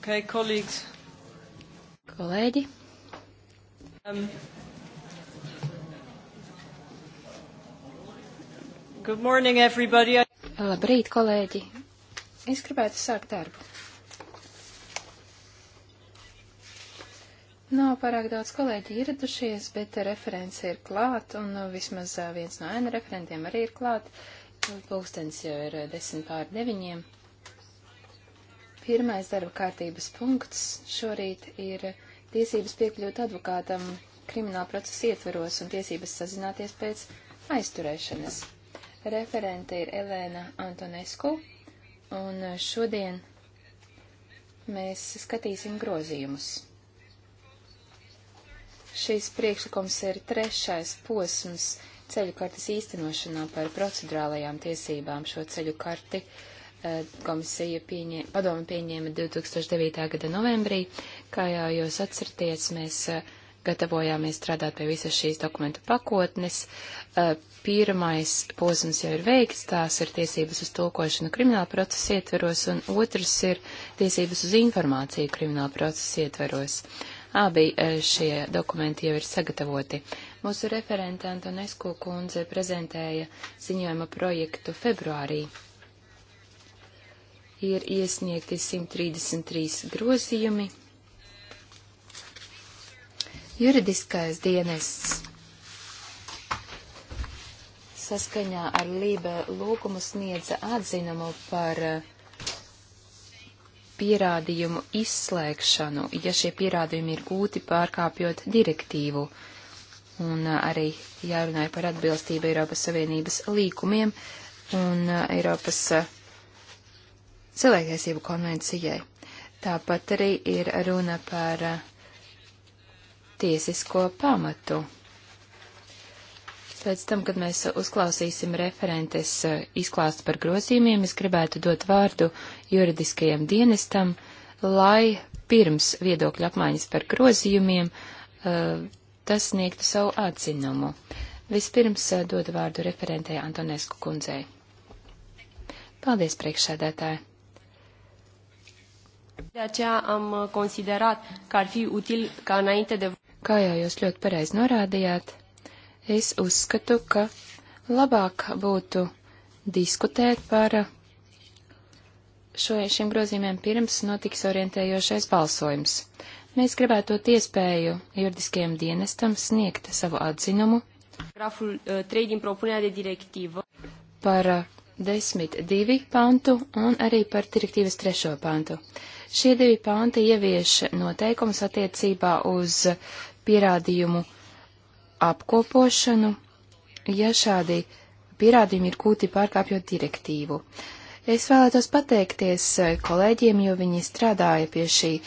Okay, colleagues. Kolēģi. Um, good morning, everybody. Labrīt, kolēģi. Es gribētu sākt darbu. Nav pārāk daudz kolēģi ieradušies, bet referents ir klāt, un vismaz viens no ēna referentiem arī ir klāt. Pulkstens jau ir desmit pār deviņiem. Pirmais darba kārtības punkts šorīt ir tiesības piekļūt advokātam krimināla procesa ietveros un tiesības sazināties pēc aizturēšanas. Referente ir Elēna Antonesku, un šodien mēs skatīsim grozījumus. Šis priekšlikums ir trešais posms ceļu kartes īstenošanā par procedurālajām tiesībām šo ceļu karti. Uh, Eh, komisija pieņē, padomu pieņēma 2009. gada novembrī. Kā jau jūs atcerties, mēs eh, gatavojāmies strādāt pie visas šīs dokumentu pakotnes. Eh, pirmais posms jau ir veikts, tās ir tiesības uz tulkošanu krimināla procesa ietveros, un otrs ir tiesības uz informāciju krimināla procesa ietveros. Abi šie dokumenti jau ir sagatavoti. Mūsu referente Antonesko kundze prezentēja ziņojuma projektu februārī ir iesniegti 133 grozījumi. Juridiskais dienests saskaņā ar Lībe lūgumu sniedza atzinumu par eh, pierādījumu izslēgšanu, ja šie pierādījumi ir gūti pārkāpjot direktīvu. Un eh, arī jārunāja par atbilstību Eiropas Savienības līkumiem un eh, Eiropas cilvēktiesību konvencijai. Tāpat arī ir runa par uh, tiesisko pamatu. Pēc tam, kad mēs uzklausīsim referentes uh, izklāstu par grozījumiem, es gribētu dot vārdu juridiskajam dienestam, lai pirms viedokļa apmaiņas par grozījumiem uh, tas sniegtu savu atzinumu. Vispirms dodu vārdu referentē Antonesku kundzei. Paldies, priekšsēdētāji! De aceea am uh, considerat că ar fi util ca înainte de... Kā jau jūs ļoti pareizi norādījāt, es uzskatu, ka labāk būtu diskutēt par uh, šo, šiem grozījumiem pirms notiks orientējošais balsojums. Mēs gribētu dot iespēju juridiskajam dienestam sniegt savu atzinumu graful 3 uh, din propunerea de directivă. Par 10.2 pantu un arī par direktīvas 3. pantu. Šie divi panti ievieš noteikums attiecībā uz pierādījumu apkopošanu, ja šādi pierādījumi ir kūti pārkāpjot direktīvu. Es vēlētos pateikties kolēģiem, jo viņi strādāja pie šī eh,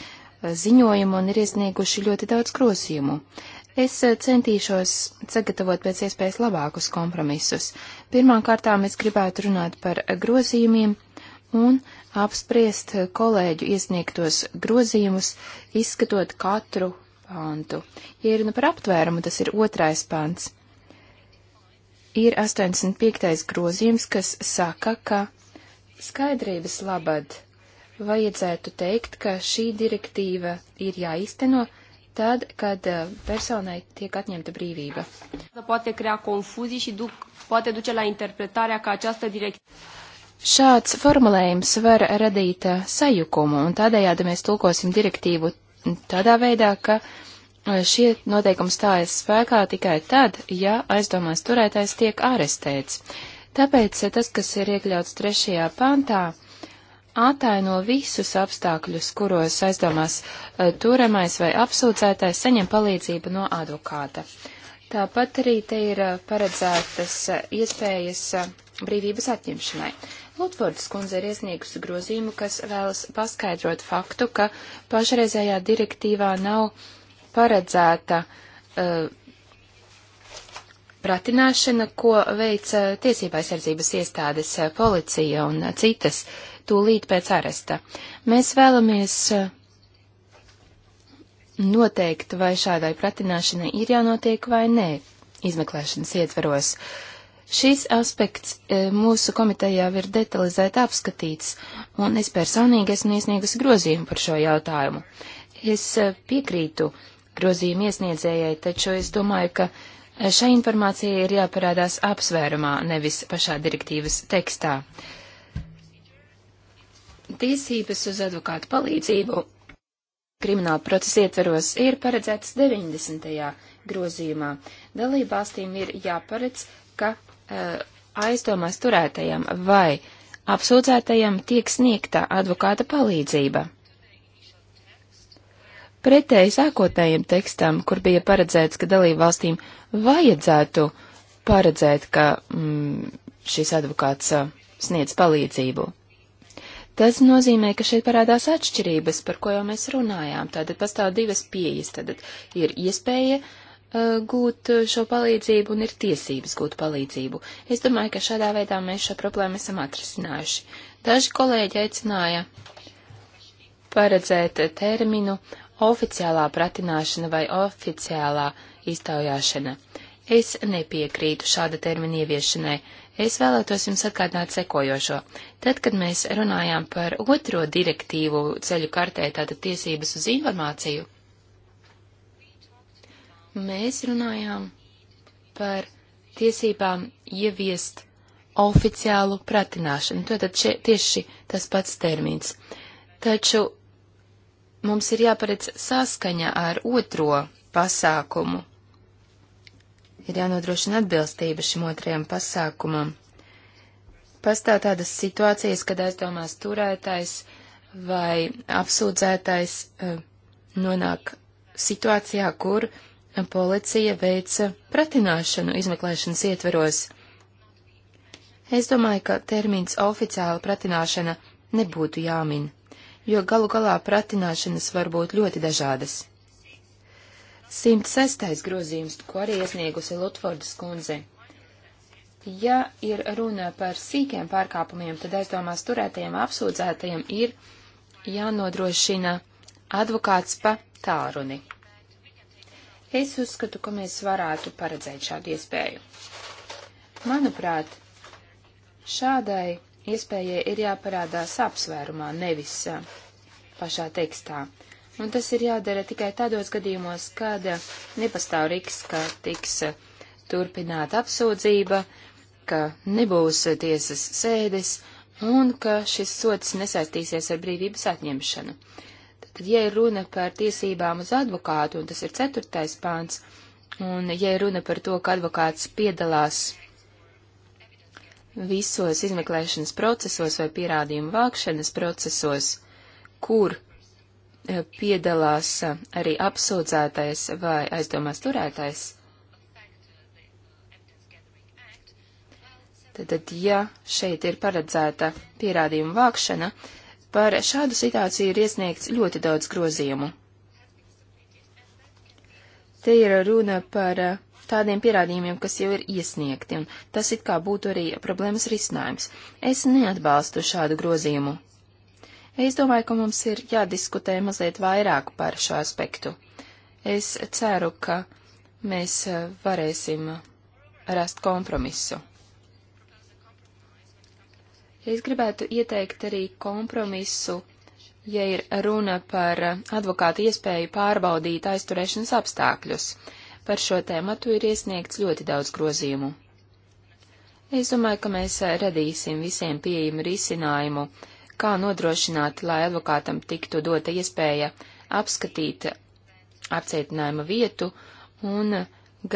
ziņojuma un ir iesnieguši ļoti daudz grozījumu. Es eh, centīšos sagatavot pēc iespējas labākus kompromisus. Pirmkārtām es gribētu runāt par grozījumiem un apspriest kolēģu iesniegtos grozījumus, izskatot katru pāntu. Ja ir runa par aptvērumu, tas ir otrais pāns. Ir 85. grozījums, kas saka, ka skaidrības labad vajadzētu teikt, ka šī direktīva ir jāizteno tad, kad eh, personai tiek atņemta brīvība. Poate crea confuzii și duc, poate duce la interpretarea că această directivă Šāds formulējums var radīt uh, sajukumu, un tādējādi mēs tulkosim direktīvu tādā veidā, ka uh, šie noteikumi stājas spēkā tikai tad, ja aizdomās turētājs tiek arestēts. Tāpēc uh, tas, kas ir iekļauts trešajā pantā, ataino visus apstākļus, kuros aizdomās turamais vai apsūdzētājs saņem palīdzību no advokāta. Tāpat arī te ir paredzētas iespējas brīvības atņemšanai. Lutfords kundze ir iesniegusi grozījumu, kas vēlas paskaidrot faktu, ka pašreizējā direktīvā nav paredzēta uh, pratināšana, ko veic uh, tiesībā aizsardzības iestādes uh, policija un uh, citas tūlīt pēc aresta. Mēs vēlamies uh, noteikt, vai šādai pratināšanai ir jānotiek vai nē, izmeklēšanas ietveros. Uh, Šis aspekts e, mūsu komitejā ir detalizēti apskatīts, un es personīgi esmu iesniegusi grozījumu par šo jautājumu. Es e, piekrītu grozījumu iesniedzējai, taču es domāju, ka e, šai informācijai ir jāparādās apsvērumā, nevis pašā direktīvas tekstā. Tiesības uz advokātu palīdzību krimināla procesa ietveros ir paredzētas 90. grozījumā. Dalībvalstīm ir jāparedz, ka Eh, aizdomās turētajam vai apsūdzētajam tiek sniegta advokāta palīdzība. Pretēji sākotnējiem tekstam, kur bija paredzēts, ka dalībvalstīm vajadzētu paredzēt, ka mm, šis advokāts eh, sniedz palīdzību. Tas nozīmē, ka šeit parādās atšķirības, par ko jau mēs runājām. Tātad pastāv divas pieejas. Tātad ir iespēja uh, Eh, gūt eh, šo palīdzību un ir tiesības gūt palīdzību. Es domāju, ka šādā veidā mēs šo problēmu esam atrisinājuši. Daži kolēģi aicināja paredzēt terminu oficiālā pratināšana vai oficiālā iztaujāšana. Es nepiekrītu šāda termina ieviešanai. Es vēlētos jums atgādināt sekojošo. Tad, kad mēs runājām par otro direktīvu ceļu kartē, tātad tiesības uz informāciju, mēs runājām par tiesībām ieviest oficiālu pratināšanu. Tātad še, tieši tas pats termins. Taču mums ir jāparedz saskaņa ar otro pasākumu. Ir jānodrošina atbilstība šim otrajam pasākumam. Pastāv tādas situācijas, kad aizdomās turētais vai apsūdzētais eh, nonāk situācijā, kur uh, policija veica pratināšanu izmeklēšanas ietveros. Es domāju, ka termins oficiāla pratināšana nebūtu jāmin, jo galu galā pratināšanas var būt ļoti dažādas. 106. grozījums, ko arī iesniegusi Lutfordas kundze. Ja ir runa par sīkiem pārkāpumiem, tad aizdomās turētajiem apsūdzētajiem ir jānodrošina advokāts pa tālruni. Es uzskatu, ka mēs varētu paredzēt šādu iespēju. Manuprāt, šādai iespējai ir jāparādās apsvērumā, nevis pašā tekstā. Un tas ir jādara tikai tādos gadījumos, kad nepastāv riks, ka tiks turpināta apsūdzība, ka nebūs tiesas sēdes un ka šis sots nesaistīsies ar brīvības atņemšanu. Tad, ja ir runa par tiesībām uz advokātu, un tas ir ceturtais pāns, un ja ir runa par to, ka advokāts piedalās visos izmeklēšanas procesos vai pierādījumu vākšanas procesos, kur eh, piedalās eh, arī apsūdzētais vai aizdomās turētais. Tad, ja šeit ir paredzēta pierādījuma vākšana, Par šādu situāciju ir iesniegts ļoti daudz grozījumu. Te ir runa par eh, tādiem pierādījumiem, kas jau ir iesniegti, un tas it kā būtu arī problēmas risinājums. Es neatbalstu šādu grozījumu. Es domāju, ka mums ir jādiskutē mazliet vairāk par šo aspektu. Es ceru, ka mēs eh, varēsim eh, rast kompromisu. Es gribētu ieteikt arī kompromisu, ja ir runa par advokātu iespēju pārbaudīt aizturēšanas apstākļus. Par šo tēmatu ir iesniegts ļoti daudz grozījumu. Es domāju, ka mēs radīsim visiem pieejamu risinājumu, kā nodrošināt, lai advokātam tiktu dota iespēja apskatīt apcietinājuma vietu un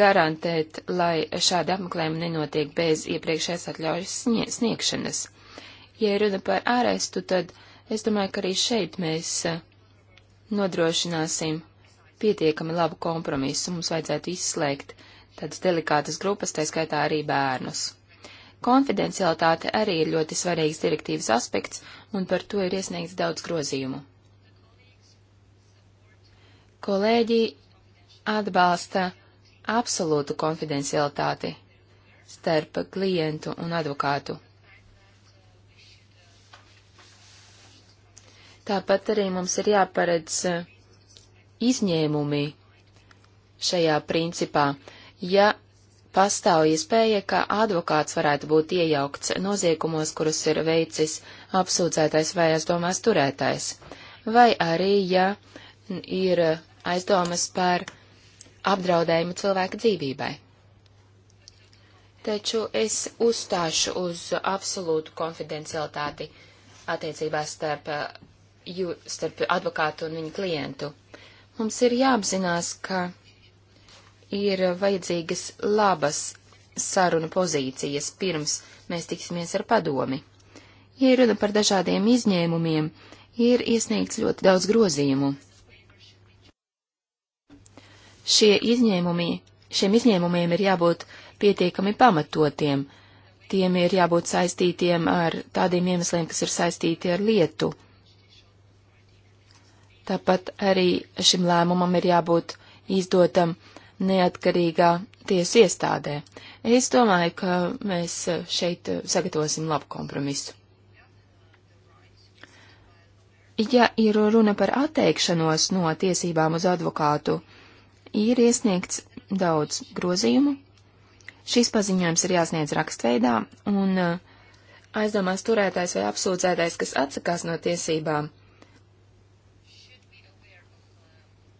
garantēt, lai šādi apmeklējumi nenotiek bez iepriekšējās atļaujas sniegšanas. Ja runa par ārestu, tad es domāju, ka arī šeit mēs eh, nodrošināsim pietiekami labu kompromisu. Mums vajadzētu izslēgt tādas delikātas grupas, tā skaitā arī bērnus. Konfidencialitāte arī ir ļoti svarīgs direktīvas aspekts, un par to ir iesniegts daudz grozījumu. Kolēģi atbalsta absolūtu konfidencialitāti starp klientu un advokātu. Tāpat arī mums ir jāparedz eh, izņēmumi šajā principā. Ja pastāv iespēja, ka advokāts varētu būt iejaukts noziegumos, kurus ir veicis apsūdzētais vai aizdomās turētais, vai arī, ja ir aizdomas par apdraudējumu cilvēka dzīvībai. Taču es uzstāšu uz absolūtu konfidencialitāti attiecībās starp eh, jū, starp advokātu un viņa klientu. Mums ir jāapzinās, ka ir vajadzīgas labas sarunu pozīcijas pirms mēs tiksimies ar padomi. Ja runa par dažādiem izņēmumiem, ir iesniegts ļoti daudz grozījumu. Šie izņēmumi, šiem izņēmumiem ir jābūt pietiekami pamatotiem, tiem ir jābūt saistītiem ar tādiem iemesliem, kas ir saistīti ar lietu Tāpat arī šim lēmumam ir jābūt izdotam neatkarīgā tiesa iestādē. Es domāju, ka mēs šeit sagatavosim labu kompromisu. Ja ir runa par atteikšanos no tiesībām uz advokātu, ir iesniegts daudz grozījumu. Šis paziņojums ir jāsniedz rakstveidā, un uh, aizdomās turētājs vai apsūdzētais, kas atsakās no tiesībām,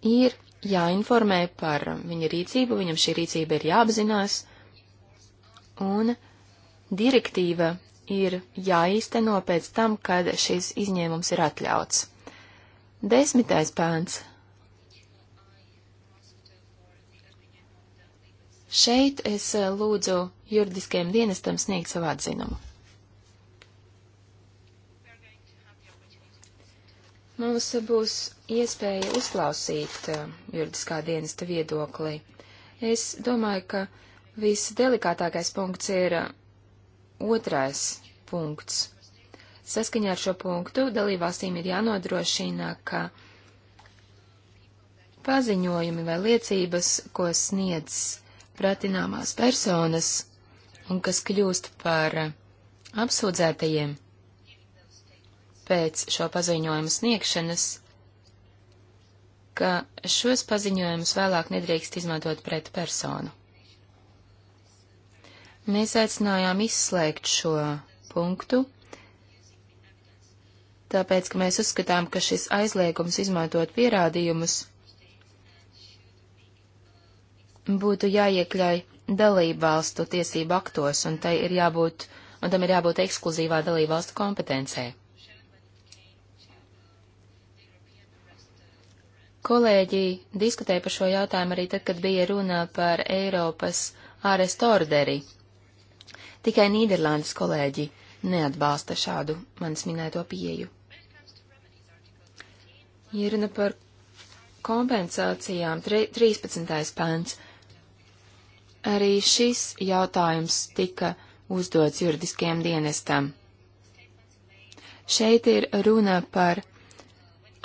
ir jāinformē par viņa rīcību, viņam šī rīcība ir jāapzinās, un direktīva ir jāīsteno pēc tam, kad šis izņēmums ir atļauts. Desmitais pāns. Šeit es lūdzu juridiskajam dienestam sniegt savu atzinumu. Mums būs iespēja uzklausīt uh, juridiskā dienesta viedokli. Es domāju, ka visdelikātākais punkts ir uh, otrais punkts. Saskaņā ar šo punktu dalībvalstīm ir jānodrošina, ka paziņojumi vai liecības, ko sniedz pratināmās personas un kas kļūst par uh, apsūdzētajiem, pēc šo paziņojumu sniegšanas, ka šos paziņojumus vēlāk nedrīkst izmantot pret personu. Mēs aicinājām izslēgt šo punktu, tāpēc, ka mēs uzskatām, ka šis aizliegums izmantot pierādījumus būtu jāiekļauj dalībvalstu tiesību aktos, un tai ir jābūt, un tam ir jābūt ekskluzīvā dalībvalstu kompetencē. Kolēģi diskutēja par šo jautājumu arī tad, kad bija runa par Eiropas ārestu orderi. Tikai Nīderlandes kolēģi neatbalsta šādu manis minēto pieju. Ja runa par kompensācijām, tre, 13. pants. Arī šis jautājums tika uzdots juridiskajam dienestam. Šeit ir runa par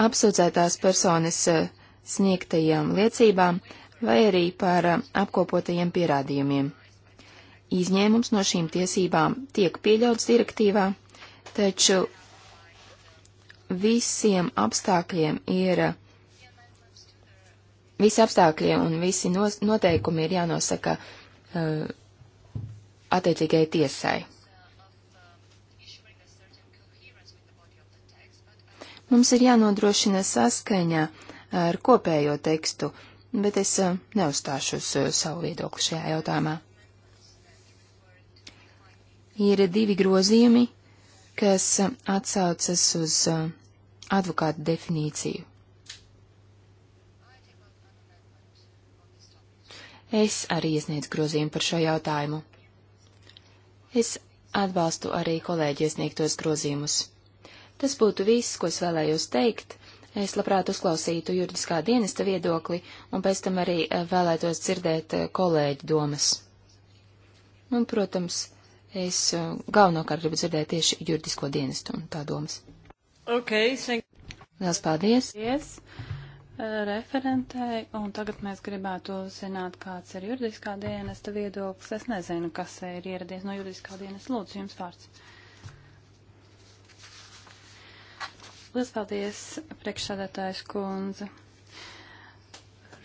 apsūdzētās personas eh, sniegtajām liecībām vai arī par eh, apkopotajiem pierādījumiem. Izņēmums no šīm tiesībām tiek pieļauts direktīvā, taču visiem apstākļiem ir, eh, visi apstākļi un visi noteikumi ir jānosaka uh, attiecīgai tiesai. Mums ir jānodrošina saskaņa ar kopējo tekstu, bet es eh, neuzstāšos eh, savu viedokli šajā jautājumā. Ir divi grozījumi, kas atsaucas uz eh, advokāta definīciju. Es arī iesniedzu grozījumu par šo jautājumu. Es atbalstu arī kolēģi iesniegtos grozījumus. Tas būtu viss, ko es vēlējos teikt. Es labprāt uzklausītu juridiskā dienesta viedokli un pēc tam arī eh, vēlētos dzirdēt eh, kolēģi domas. Un, nu, protams, es eh, galvenokārt gribu dzirdēt tieši juridisko dienestu un tā domas. Ok, thank you. Lielas paldies. Yes referentei, un tagad mēs gribētu zināt, kāds ir juridiskā dienesta viedoklis. Es nezinu, kas ir ieradies no juridiskā dienesta. Lūdzu, jums vārds. Lielas paldies, priekšsādātājs kundze.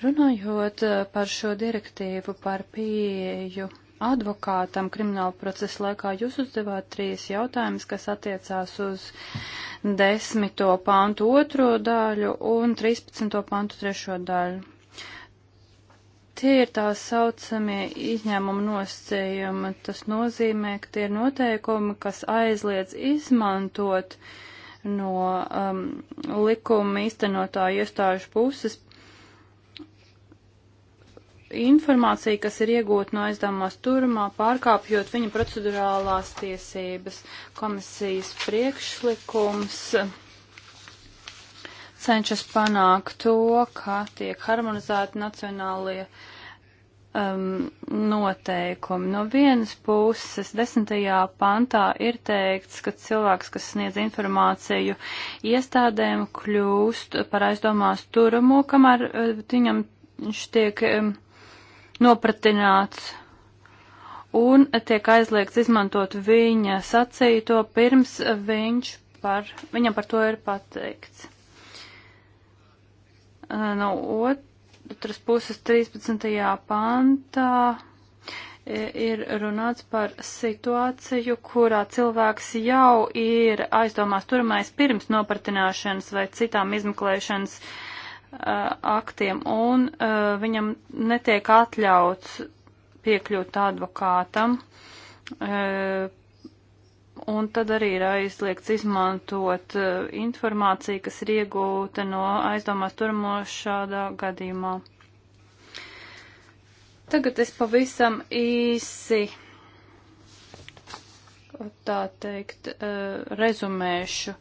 Runājot eh, par šo direktīvu par pieeju advokātam krimināla procesa laikā, jūs uzdevāt trīs jautājumus, kas attiecās uz desmito pantu otro daļu un 13. pantu trešo daļu. Tie ir tā saucamie izņēmuma nosacījumi. Tas nozīmē, ka tie ir noteikumi, kas aizliedz izmantot uh, no um, likuma īstenotāju iestāžu puses informācija, kas ir iegūta no aizdāmās turumā, pārkāpjot viņa procedurālās tiesības. Komisijas priekšlikums cenšas panākt to, ka tiek harmonizēti nacionālie uh, um, noteikumi. No vienas puses, desmitajā pantā ir teikts, ka cilvēks, kas sniedz informāciju iestādēm, kļūst par aizdomās turamo, kamēr uh, viņam viņš tiek um, nopratināts un tiek aizliegts izmantot viņa sacīto pirms viņš par, viņam par to ir pateikts. Uh, no ot, otras puses 13. pantā e, ir runāts par situāciju, kurā cilvēks jau ir aizdomās turmais pirms nopratināšanas vai citām izmeklēšanas uh, aktiem, un uh, viņam netiek atļauts piekļūt advokātam uh, un tad arī ir aizliegts izmantot uh, informāciju, kas ir iegūta no aizdomās turmo šādā gadījumā. Tagad es pavisam īsi, tā teikt, uh, rezumēšu uh,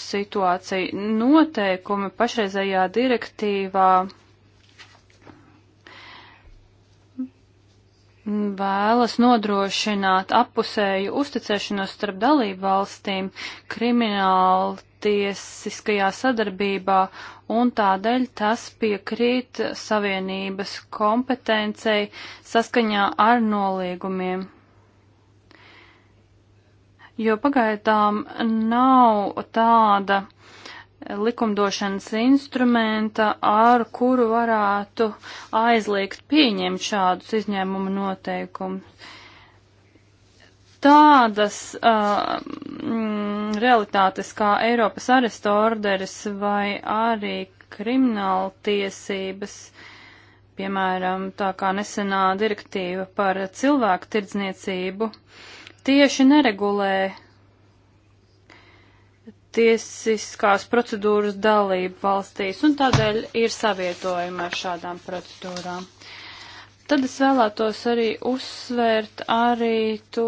situāciju. Noteikumi pašreizējā direktīvā vēlas nodrošināt apusēju uzticēšanos starp dalību valstīm krimināla tiesiskajā sadarbībā, un tādēļ tas piekrīt Savienības kompetencei saskaņā ar noliegumiem. Jo pagaidām nav tāda likumdošanas instrumenta, ar kuru varētu aizliegt pieņemt šādus izņēmumu noteikumus. Tādas uh, m, mm, realitātes kā Eiropas arestu orderis vai arī krimināla tiesības, piemēram, tā kā nesenā direktīva par cilvēku tirdzniecību, tieši neregulē tiesiskās procedūras dalību valstīs, un tādēļ ir savietojuma ar šādām procedūrām. Tad es vēlētos arī uzsvērt arī to,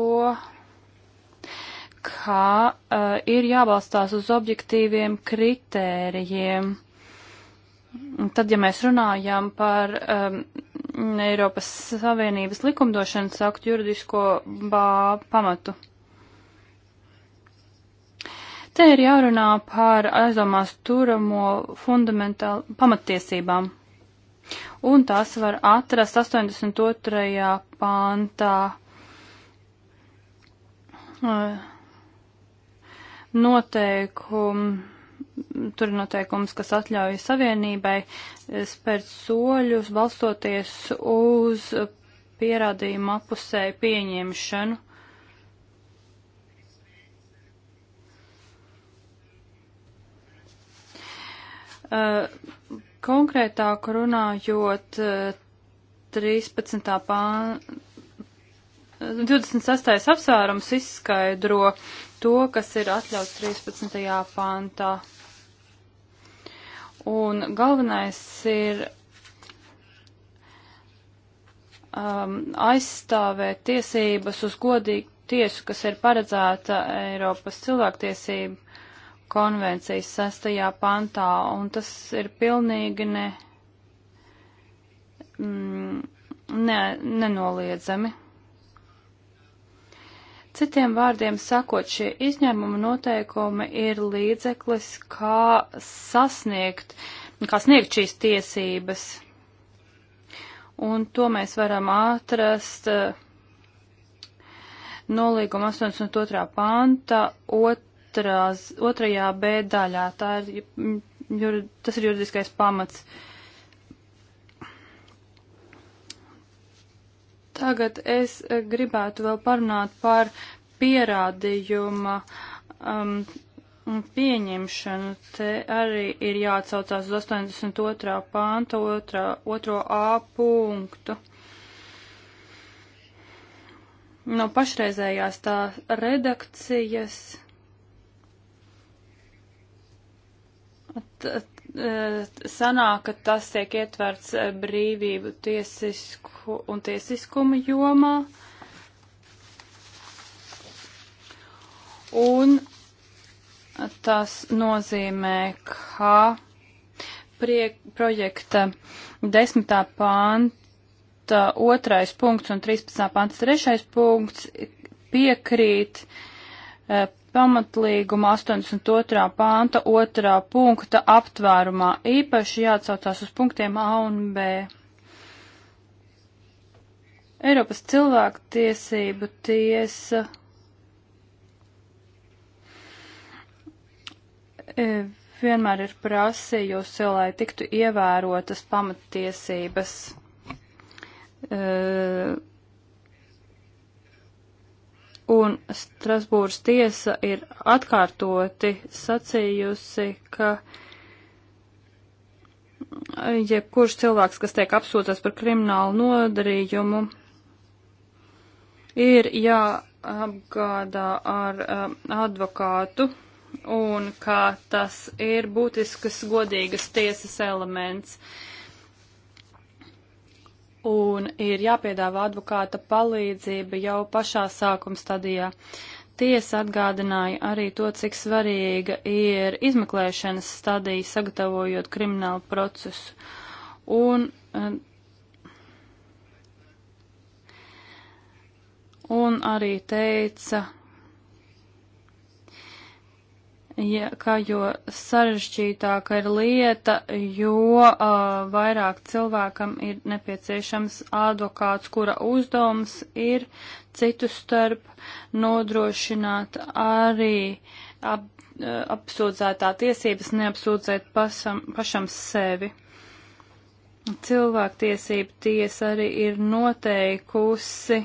ka uh, ir jābalstās uz objektīviem kritērijiem. Tad, ja mēs runājam par um, Eiropas Savienības likumdošanas aktu juridisko bā, pamatu. Te ir jārunā par aizdomās turamo fundamentālu pamatiesībām. Un tās var atrast 82. pāntā noteikumu. Tur ir noteikums, kas atļauj savienībai spērt soļus, balstoties uz pierādījumu apusēju pieņemšanu. Eh, konkrētāk runājot, 13. pāns, 26. apsvērums izskaidro to, kas ir atļauts 13. pāntā. Un galvenais ir um, aizstāvēt tiesības uz godīgu tiesu, kas ir paredzēta Eiropas cilvēktiesību konvencijas sastajā pantā, un tas ir pilnīgi ne, mm, ne, nenoliedzami. Citiem vārdiem sakot, šie izņēmuma noteikumi ir līdzeklis, kā sasniegt, kā sniegt šīs tiesības. Un to mēs varam atrast eh, nolīguma 82. panta 2 otrās, otrajā B daļā. Tā ir, jur, tas ir juridiskais pamats. Tagad es e, gribētu vēl parunāt par pierādījuma um, pieņemšanu. Te arī ir jāatsaucās uz 82. pānta 2. A punktu. No pašreizējās tā redakcijas sanāk, ka tas tiek ietverts brīvību tiesisku un tiesiskumu jomā. Un tas nozīmē, ka priek, projekta desmitā panta otrais punkts un 13. pants trešais punkts piekrīt eh, pamatlīguma 82. panta 2. punkta aptvērumā. Īpaši jāatsaucās uz punktiem A un B. Eiropas cilvēku tiesību tiesa e, vienmēr ir prasījusi, lai tiktu ievērotas pamatiesības. Uh, un Strasbūras tiesa ir atkārtoti sacījusi, ka jebkurš cilvēks, kas tiek apsūdzēts par kriminālu nodarījumu, ir jāapgādā ar um, advokātu un kā tas ir būtisks godīgas tiesas elements. Uh, un ir jāpiedāvā advokāta palīdzība jau pašā sākuma stadijā. Tiesa atgādināja arī to, cik svarīga ir izmeklēšanas stadija, sagatavojot kriminālu procesu. Un, eh, un arī teica, ja, ka jo sarežģītāka ir lieta, jo uh, vairāk cilvēkam ir nepieciešams advokāts, kura uzdevums ir citu starp nodrošināt arī ap, uh, apsūdzētā tiesības neapsūdzēt pasam, pašam sevi. Cilvēktiesība tiesa arī ir noteikusi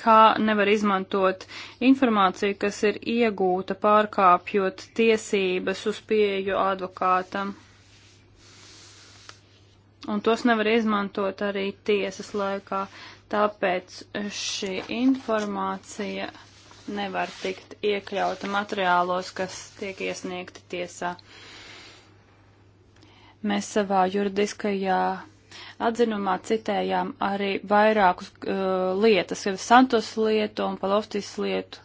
kā nevar izmantot informāciju, kas ir iegūta pārkāpjot tiesības uz pieju advokātam. Un tos nevar izmantot arī tiesas laikā, tāpēc šī informācija nevar tikt iekļauta materiālos, kas tiek iesniegti tiesā. Mēs savā juridiskajā Atzinumā citējām arī vairākus uh, lietas, kā Santos lietu un Paloftis lietu,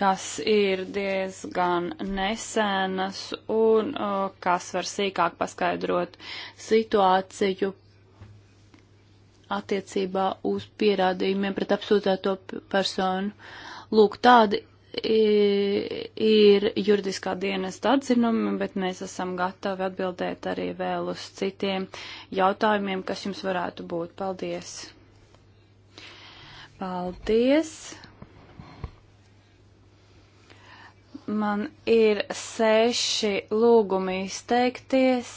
kas ir diezgan nesenas un uh, kas var sīkāk paskaidrot situāciju attiecībā uz pierādījumiem pret apsūdzēto personu. Lūk, tādi ir juridiskā dienesta atzinumi, bet mēs esam gatavi atbildēt arī vēl uz citiem jautājumiem, kas jums varētu būt. Paldies! Paldies! Man ir seši lūgumi izteikties.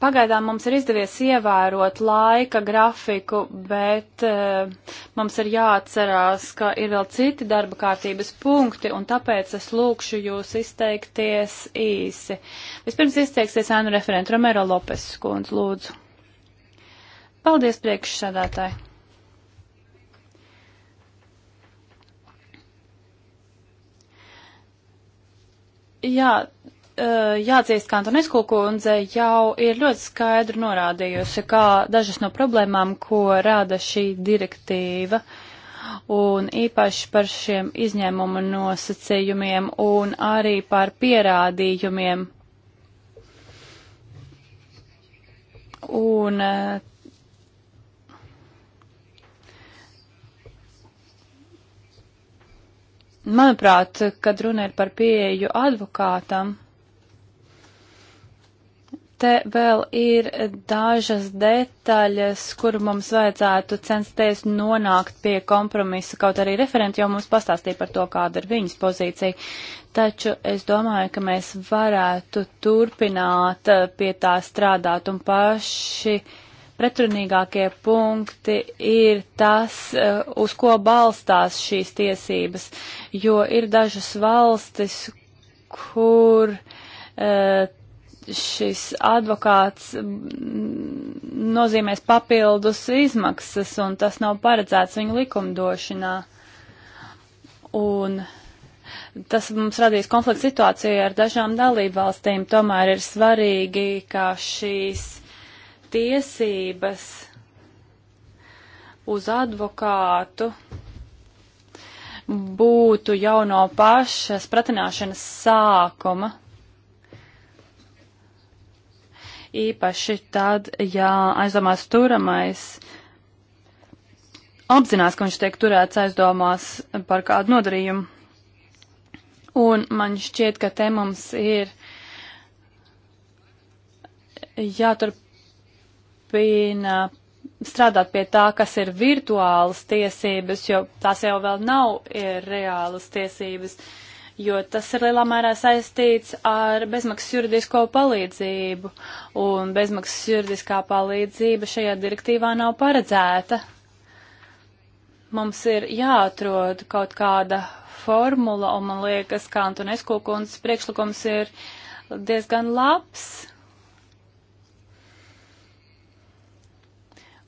Pagaidām mums ir izdevies ievērot laika grafiku, bet uh, mums ir jāatcerās, ka ir vēl citi darba kārtības punkti, un tāpēc es lūkšu jūs izteikties īsi. Vispirms izteiksies ēnu referentu Romero Lopes skundz, lūdzu. Paldies priekšsādātāji. Jā, Eh, jāatzīst, kā Antonesku kundze jau ir ļoti skaidri norādījusi, kā dažas no problēmām, ko rāda šī direktīva, un īpaši par šiem izņēmumu nosacījumiem un arī par pierādījumiem. Un eh, Manuprāt, kad runa ir par pieeju advokātam, te vēl ir dažas detaļas, kur mums vajadzētu censties nonākt pie kompromisa, kaut arī referenti jau mums pastāstīja par to, kāda ir viņas pozīcija. Taču es domāju, ka mēs varētu turpināt eh, pie tā strādāt un paši pretrunīgākie punkti ir tas, eh, uz ko balstās šīs tiesības, jo ir dažas valstis, kur uh, šis advokāts nozīmēs papildus izmaksas, un tas nav paredzēts viņu likumdošanā. Un tas mums radīs konflikts situāciju ar dažām dalībvalstīm. Tomēr ir svarīgi, ka šīs tiesības uz advokātu būtu jau no pašas pratināšanas sākuma īpaši tad, ja aizdomās turamais apzinās, ka viņš tiek turēts aizdomās par kādu nodarījumu. Un man šķiet, ka te mums ir jāturpina strādāt pie tā, kas ir virtuālas tiesības, jo tās jau vēl nav eh, reālas tiesības. Uh, jo tas ir lielā mērā saistīts ar bezmaksas juridisko palīdzību, un bezmaksas juridiskā palīdzība šajā direktīvā nav paredzēta. Mums ir jāatrod kaut kāda formula, un man liekas, ka Antonis Kukuns priekšlikums ir diezgan labs.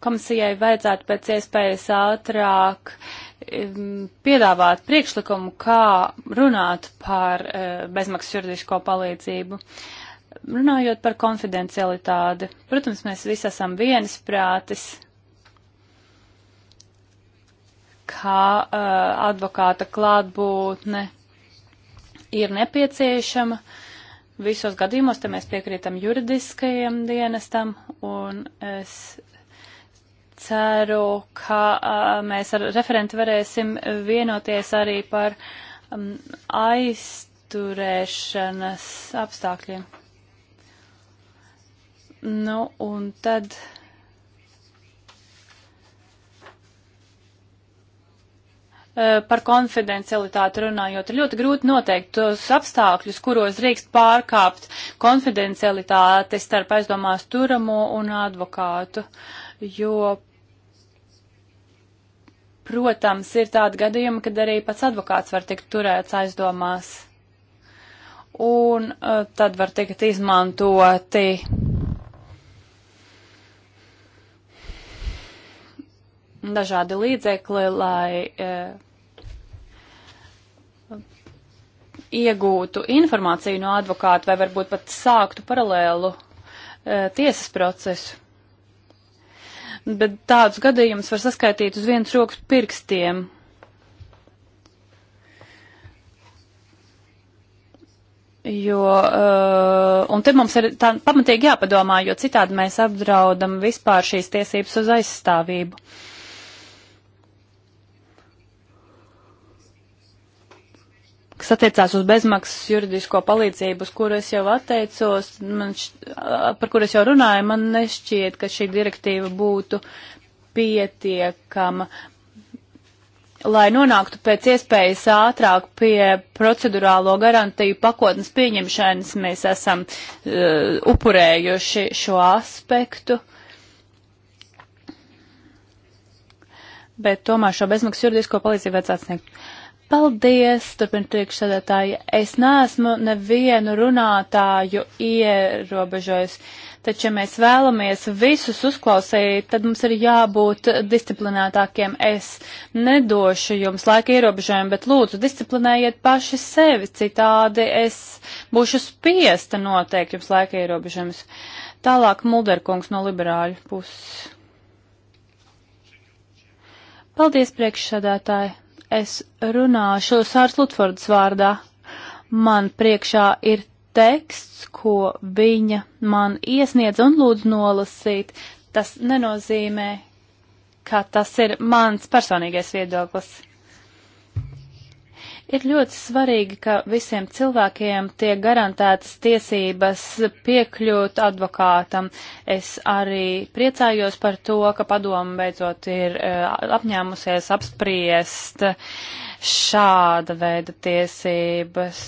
Komisijai vajadzētu pēc iespējas ātrāk uh, piedāvāt priekšlikumu, kā runāt par eh, bezmaksas juridisko palīdzību. Runājot par konfidencialitāti, protams, mēs visi esam viensprātis, kā uh, advokāta klātbūtne ir nepieciešama. Visos gadījumos te mēs piekrītam juridiskajiem dienestam, un es ceru, ka mēs ar referentu varēsim vienoties arī par aizturēšanas apstākļiem. Nu, un tad. E, par konfidencialitāti runājot, ir ļoti grūti noteikt tos apstākļus, kuros drīkst pārkāpt konfidencialitāti starp aizdomās turamo un advokātu, jo Protams, ir tādi gadījumi, kad arī pats advokāts var tikt turēts aizdomās. Un uh, tad var tikt izmantoti dažādi līdzekļi, lai uh, iegūtu informāciju no advokāta vai varbūt pat sāktu paralēlu uh, tiesas procesu bet tādus gadījumus var saskaitīt uz vienas rokas pirkstiem. Jo, uh, un te mums ir tā pamatīgi jāpadomā, jo citādi mēs apdraudam vispār šīs tiesības uz aizstāvību. Uh, kas attiecās uz bezmaksas juridisko palīdzību, uz kuru es jau atteicos, šķ... par kuru es jau runāju, man nešķiet, ka šī direktīva būtu pietiekama, lai nonāktu pēc iespējas ātrāk pie procedurālo garantiju pakotnes pieņemšanas, mēs esam uh, upurējuši šo aspektu. Bet tomēr šo bezmaksas juridisko palīdzību vajadzētu sniegt. Paldies, turpina priekšsēdētāji. Es neesmu nevienu runātāju ierobežojis, taču, ja mēs vēlamies visus uzklausīt, tad mums ir jābūt disciplinētākiem. Es nedošu jums laika ierobežojumu, bet lūdzu, disciplinējiet paši sevi, citādi es būšu spiesta noteikt jums laika ierobežojumus. Tālāk Mulderkungs no liberāļu puses. Paldies, priekšsēdētāji es runāšu Sārs Lutfords vārdā. Man priekšā ir teksts, ko viņa man iesniedz un lūdz nolasīt. Tas nenozīmē, ka tas ir mans personīgais viedoklis. Ir ļoti svarīgi, ka visiem cilvēkiem tiek garantētas tiesības piekļūt advokātam. Es arī priecājos par to, ka padomu beidzot ir e, apņēmusies apspriest šāda veida tiesības.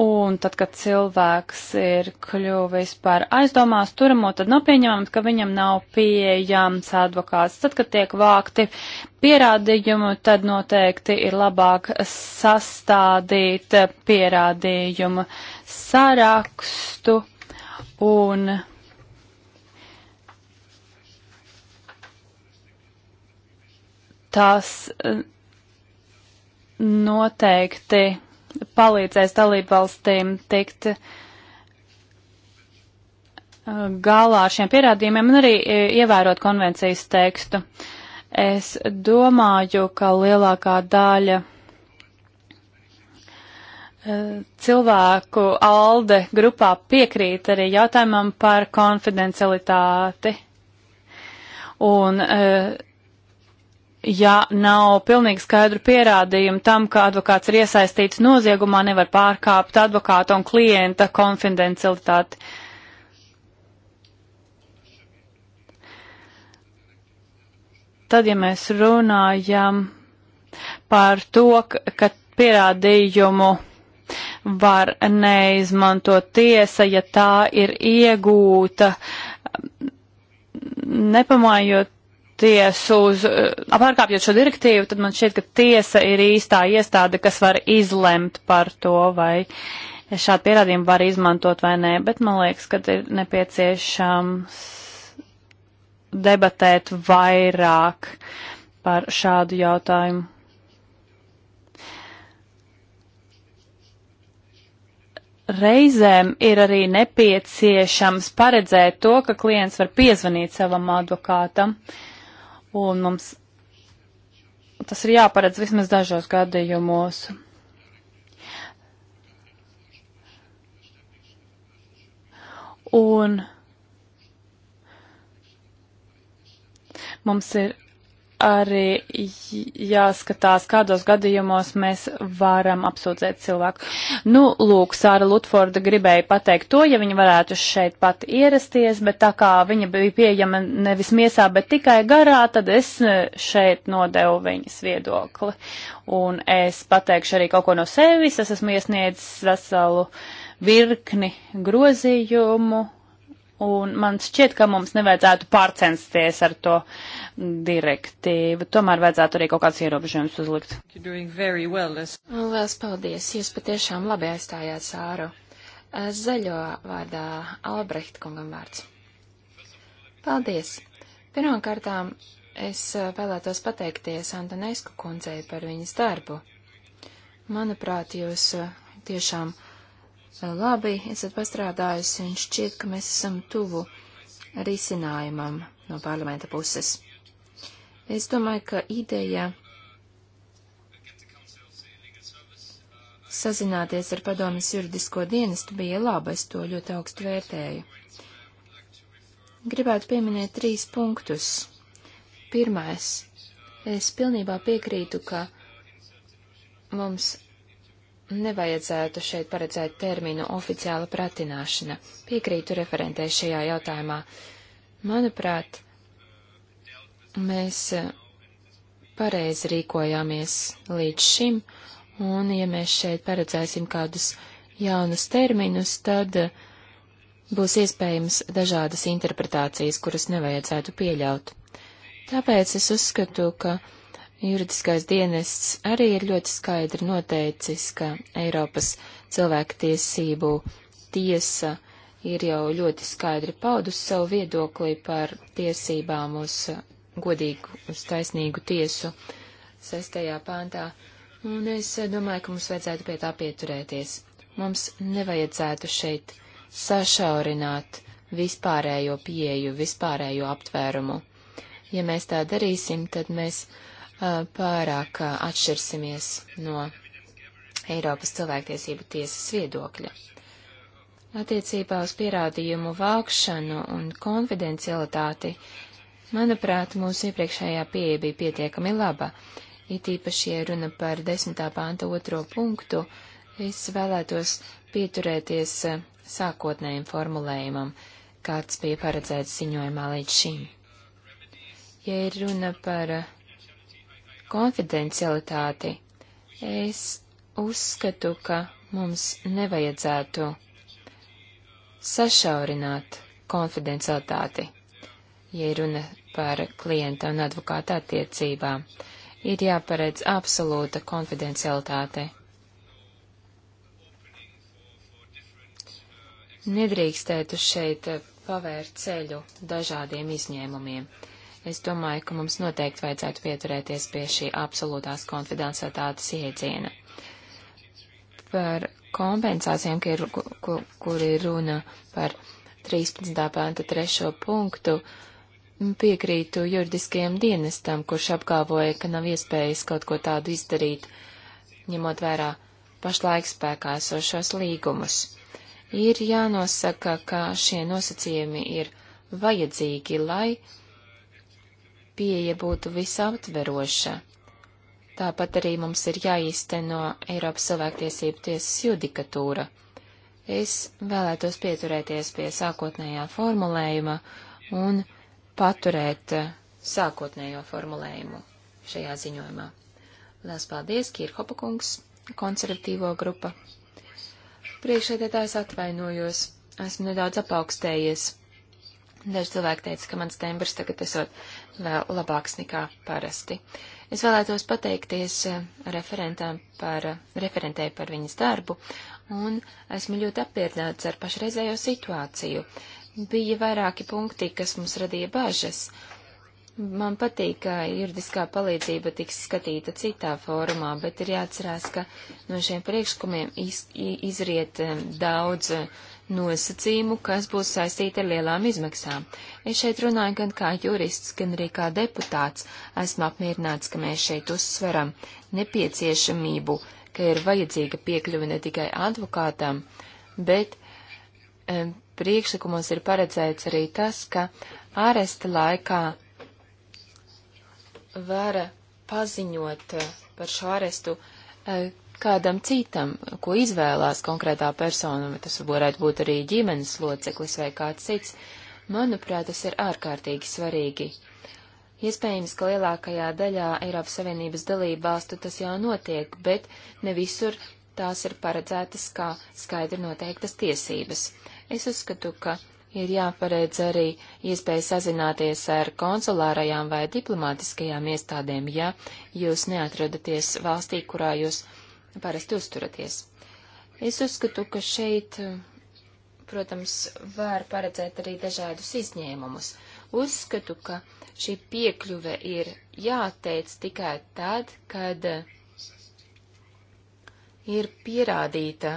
Un tad, kad cilvēks ir kļuvis par aizdomās turamo, tad nav pieņemams, ka viņam nav pieejams advokāts. Tad, kad tiek vākti pierādījumi, tad noteikti ir labāk sastādīt pierādījumu sarakstu un. Tas noteikti palīdzēs dalībvalstīm tikt uh, galā ar šiem pierādījumiem un arī e, ievērot konvencijas tekstu. Es domāju, ka lielākā daļa e, cilvēku ALDE grupā piekrīt arī jautājumam par konfidencialitāti. Un uh, ja nav pilnīgi skaidru pierādījumu tam, ka advokāts ir iesaistīts noziegumā, nevar pārkāpt advokāta un klienta konfidencialitāti. Tad, ja mēs runājam par to, ka pierādījumu var neizmantot tiesa, ja tā ir iegūta, nepamājot Raugoties uz eh, apārkāpjot šo direktīvu, tad man šķiet, ka tiesa ir īstā iestāde, kas var izlemt par to, vai šādu pierādījumu var izmantot vai nē, bet man liekas, ka ir nepieciešams debatēt vairāk par šādu jautājumu. reizēm ir arī nepieciešams paredzēt to, ka klients var piezvanīt savam advokātam. Uh, un mums tas ir jāparedz vismaz dažos gadījumos. Un mums ir arī jāskatās, kādos gadījumos mēs varam apsūdzēt cilvēku. Nu, lūk, Sāra Lutforda gribēja pateikt to, ja viņa varētu šeit pat ierasties, bet tā kā viņa bija pieejama nevis miesā, bet tikai garā, tad es e, šeit nodevu viņas viedokli. Un es pateikšu arī kaut ko no sevis, es esmu iesniedzis veselu virkni grozījumu un man šķiet, ka mums nevajadzētu pārcensties ar to direktīvu. Tomēr vajadzētu arī kaut kāds ierobežojums uzlikt. Well, as... Lielas paldies! Jūs patiešām labi aizstājāt sāru. Zaļo vārdā Albrecht kungam vārds. Paldies! Pirmkārtām es vēlētos pateikties Antonesku kundzei par viņas darbu. Manuprāt, jūs tiešām Eh, labi esat pastrādājusi un šķiet, ka mēs esam tuvu risinājumam no parlamenta puses. Es domāju, ka ideja sazināties ar padomas juridisko dienestu bija laba, es to ļoti augstu vērtēju. Gribētu pieminēt trīs punktus. Pirmais. Es pilnībā piekrītu, ka mums nevajadzētu šeit paredzēt terminu oficiāla pratināšana. Piekrītu referentē šajā jautājumā. Manuprāt, mēs eh, pareizi rīkojāmies līdz šim, un ja mēs šeit paredzēsim kādus jaunus terminus, tad eh, būs iespējams dažādas interpretācijas, kuras nevajadzētu pieļaut. Tāpēc es uzskatu, ka Juridiskais dienests arī ir ļoti skaidri noteicis, ka Eiropas cilvēktiesību tiesa ir jau ļoti skaidri paudusi savu viedokli par tiesībām uz godīgu, uz taisnīgu tiesu sestajā pāntā, un es domāju, ka mums vajadzētu pie tā pieturēties. Mums nevajadzētu šeit sašaurināt vispārējo pieju, vispārējo aptvērumu. Ja mēs tā darīsim, tad mēs pārāk atšķirsimies no Eiropas cilvēktiesību tiesas viedokļa. Attiecībā uz pierādījumu vākšanu un konfidencialitāti, manuprāt, mūsu iepriekšējā pieeja bija pietiekami laba. It īpaši, ja runa par desmitā pānta otro punktu, es vēlētos pieturēties sākotnējiem formulējumam, kāds bija paredzēts ziņojumā līdz šim. Ja ir runa par uh, konfidencialitāti, es uzskatu, ka mums nevajadzētu sašaurināt konfidencialitāti, ja runa par klienta un advokāta attiecībām. Ir jāparedz absolūta konfidencialitāte. Nedrīkstētu šeit pavērt ceļu dažādiem izņēmumiem. Es domāju, ka mums noteikti vajadzētu pieturēties pie šī absolūtās konfidencialitātes iedziena. Par kompensācijām, kur, kur, kur ir runa par 13. panta trešo punktu, piekrītu juridiskajam dienestam, kurš apgalvoja, ka nav iespējas kaut ko tādu izdarīt, ņemot vērā pašlaik spēkā esošos līgumus. Ir jānosaka, ka šie nosacījumi ir vajadzīgi, lai pieeja būtu visaptveroša. Tāpat arī mums ir jāīsteno Eiropas cilvēktiesību tiesas judikatūra. Es vēlētos pieturēties pie sākotnējā formulējuma un paturēt eh, sākotnējo formulējumu šajā ziņojumā. Lielas paldies, Kirhopa kungs, konservatīvo grupa. Priekšēdētājs atvainojos, esmu nedaudz apaukstējies. Daži cilvēki teica, ka mans tembrs tagad esot vēl labāks nekā parasti. Es vēlētos pateikties eh, referentām par, referentē par viņas darbu, un esmu ļoti apmierināts ar pašreizējo situāciju. Bija vairāki punkti, kas mums radīja bažas. Man patīk, ka juridiskā palīdzība tiks skatīta citā fórumā, bet ir jāatcerās, ka no šiem priekšlikumiem iz, izriet eh, daudz uh, nosacījumu, kas būs saistīti ar lielām izmaksām. Es šeit runāju gan kā jurists, gan arī kā deputāts. Esmu apmierināts, ka mēs šeit uzsveram nepieciešamību, ka ir vajadzīga piekļuve ne tikai advokātam, bet e, priekšlikumos ir paredzēts arī tas, ka āresta laikā var paziņot eh, par šo arestu e, kādam citam, ko izvēlās konkrētā persona, vai tas varētu būt arī ģimenes loceklis vai kāds cits, manuprāt, tas ir ārkārtīgi svarīgi. Iespējams, ka lielākajā daļā Eiropas Savienības dalību valstu tas jau notiek, bet ne visur tās ir paredzētas kā skaidri noteiktas tiesības. Es uzskatu, ka ir jāparedz arī iespēja sazināties ar konsulārajām vai diplomātiskajām iestādēm, ja jūs neatrodaties valstī, kurā jūs parasti uzturaties. Es uzskatu, ka šeit, protams, var paredzēt arī dažādus izņēmumus. Uzskatu, ka šī piekļuve ir jāteic tikai tad, kad ir pierādīta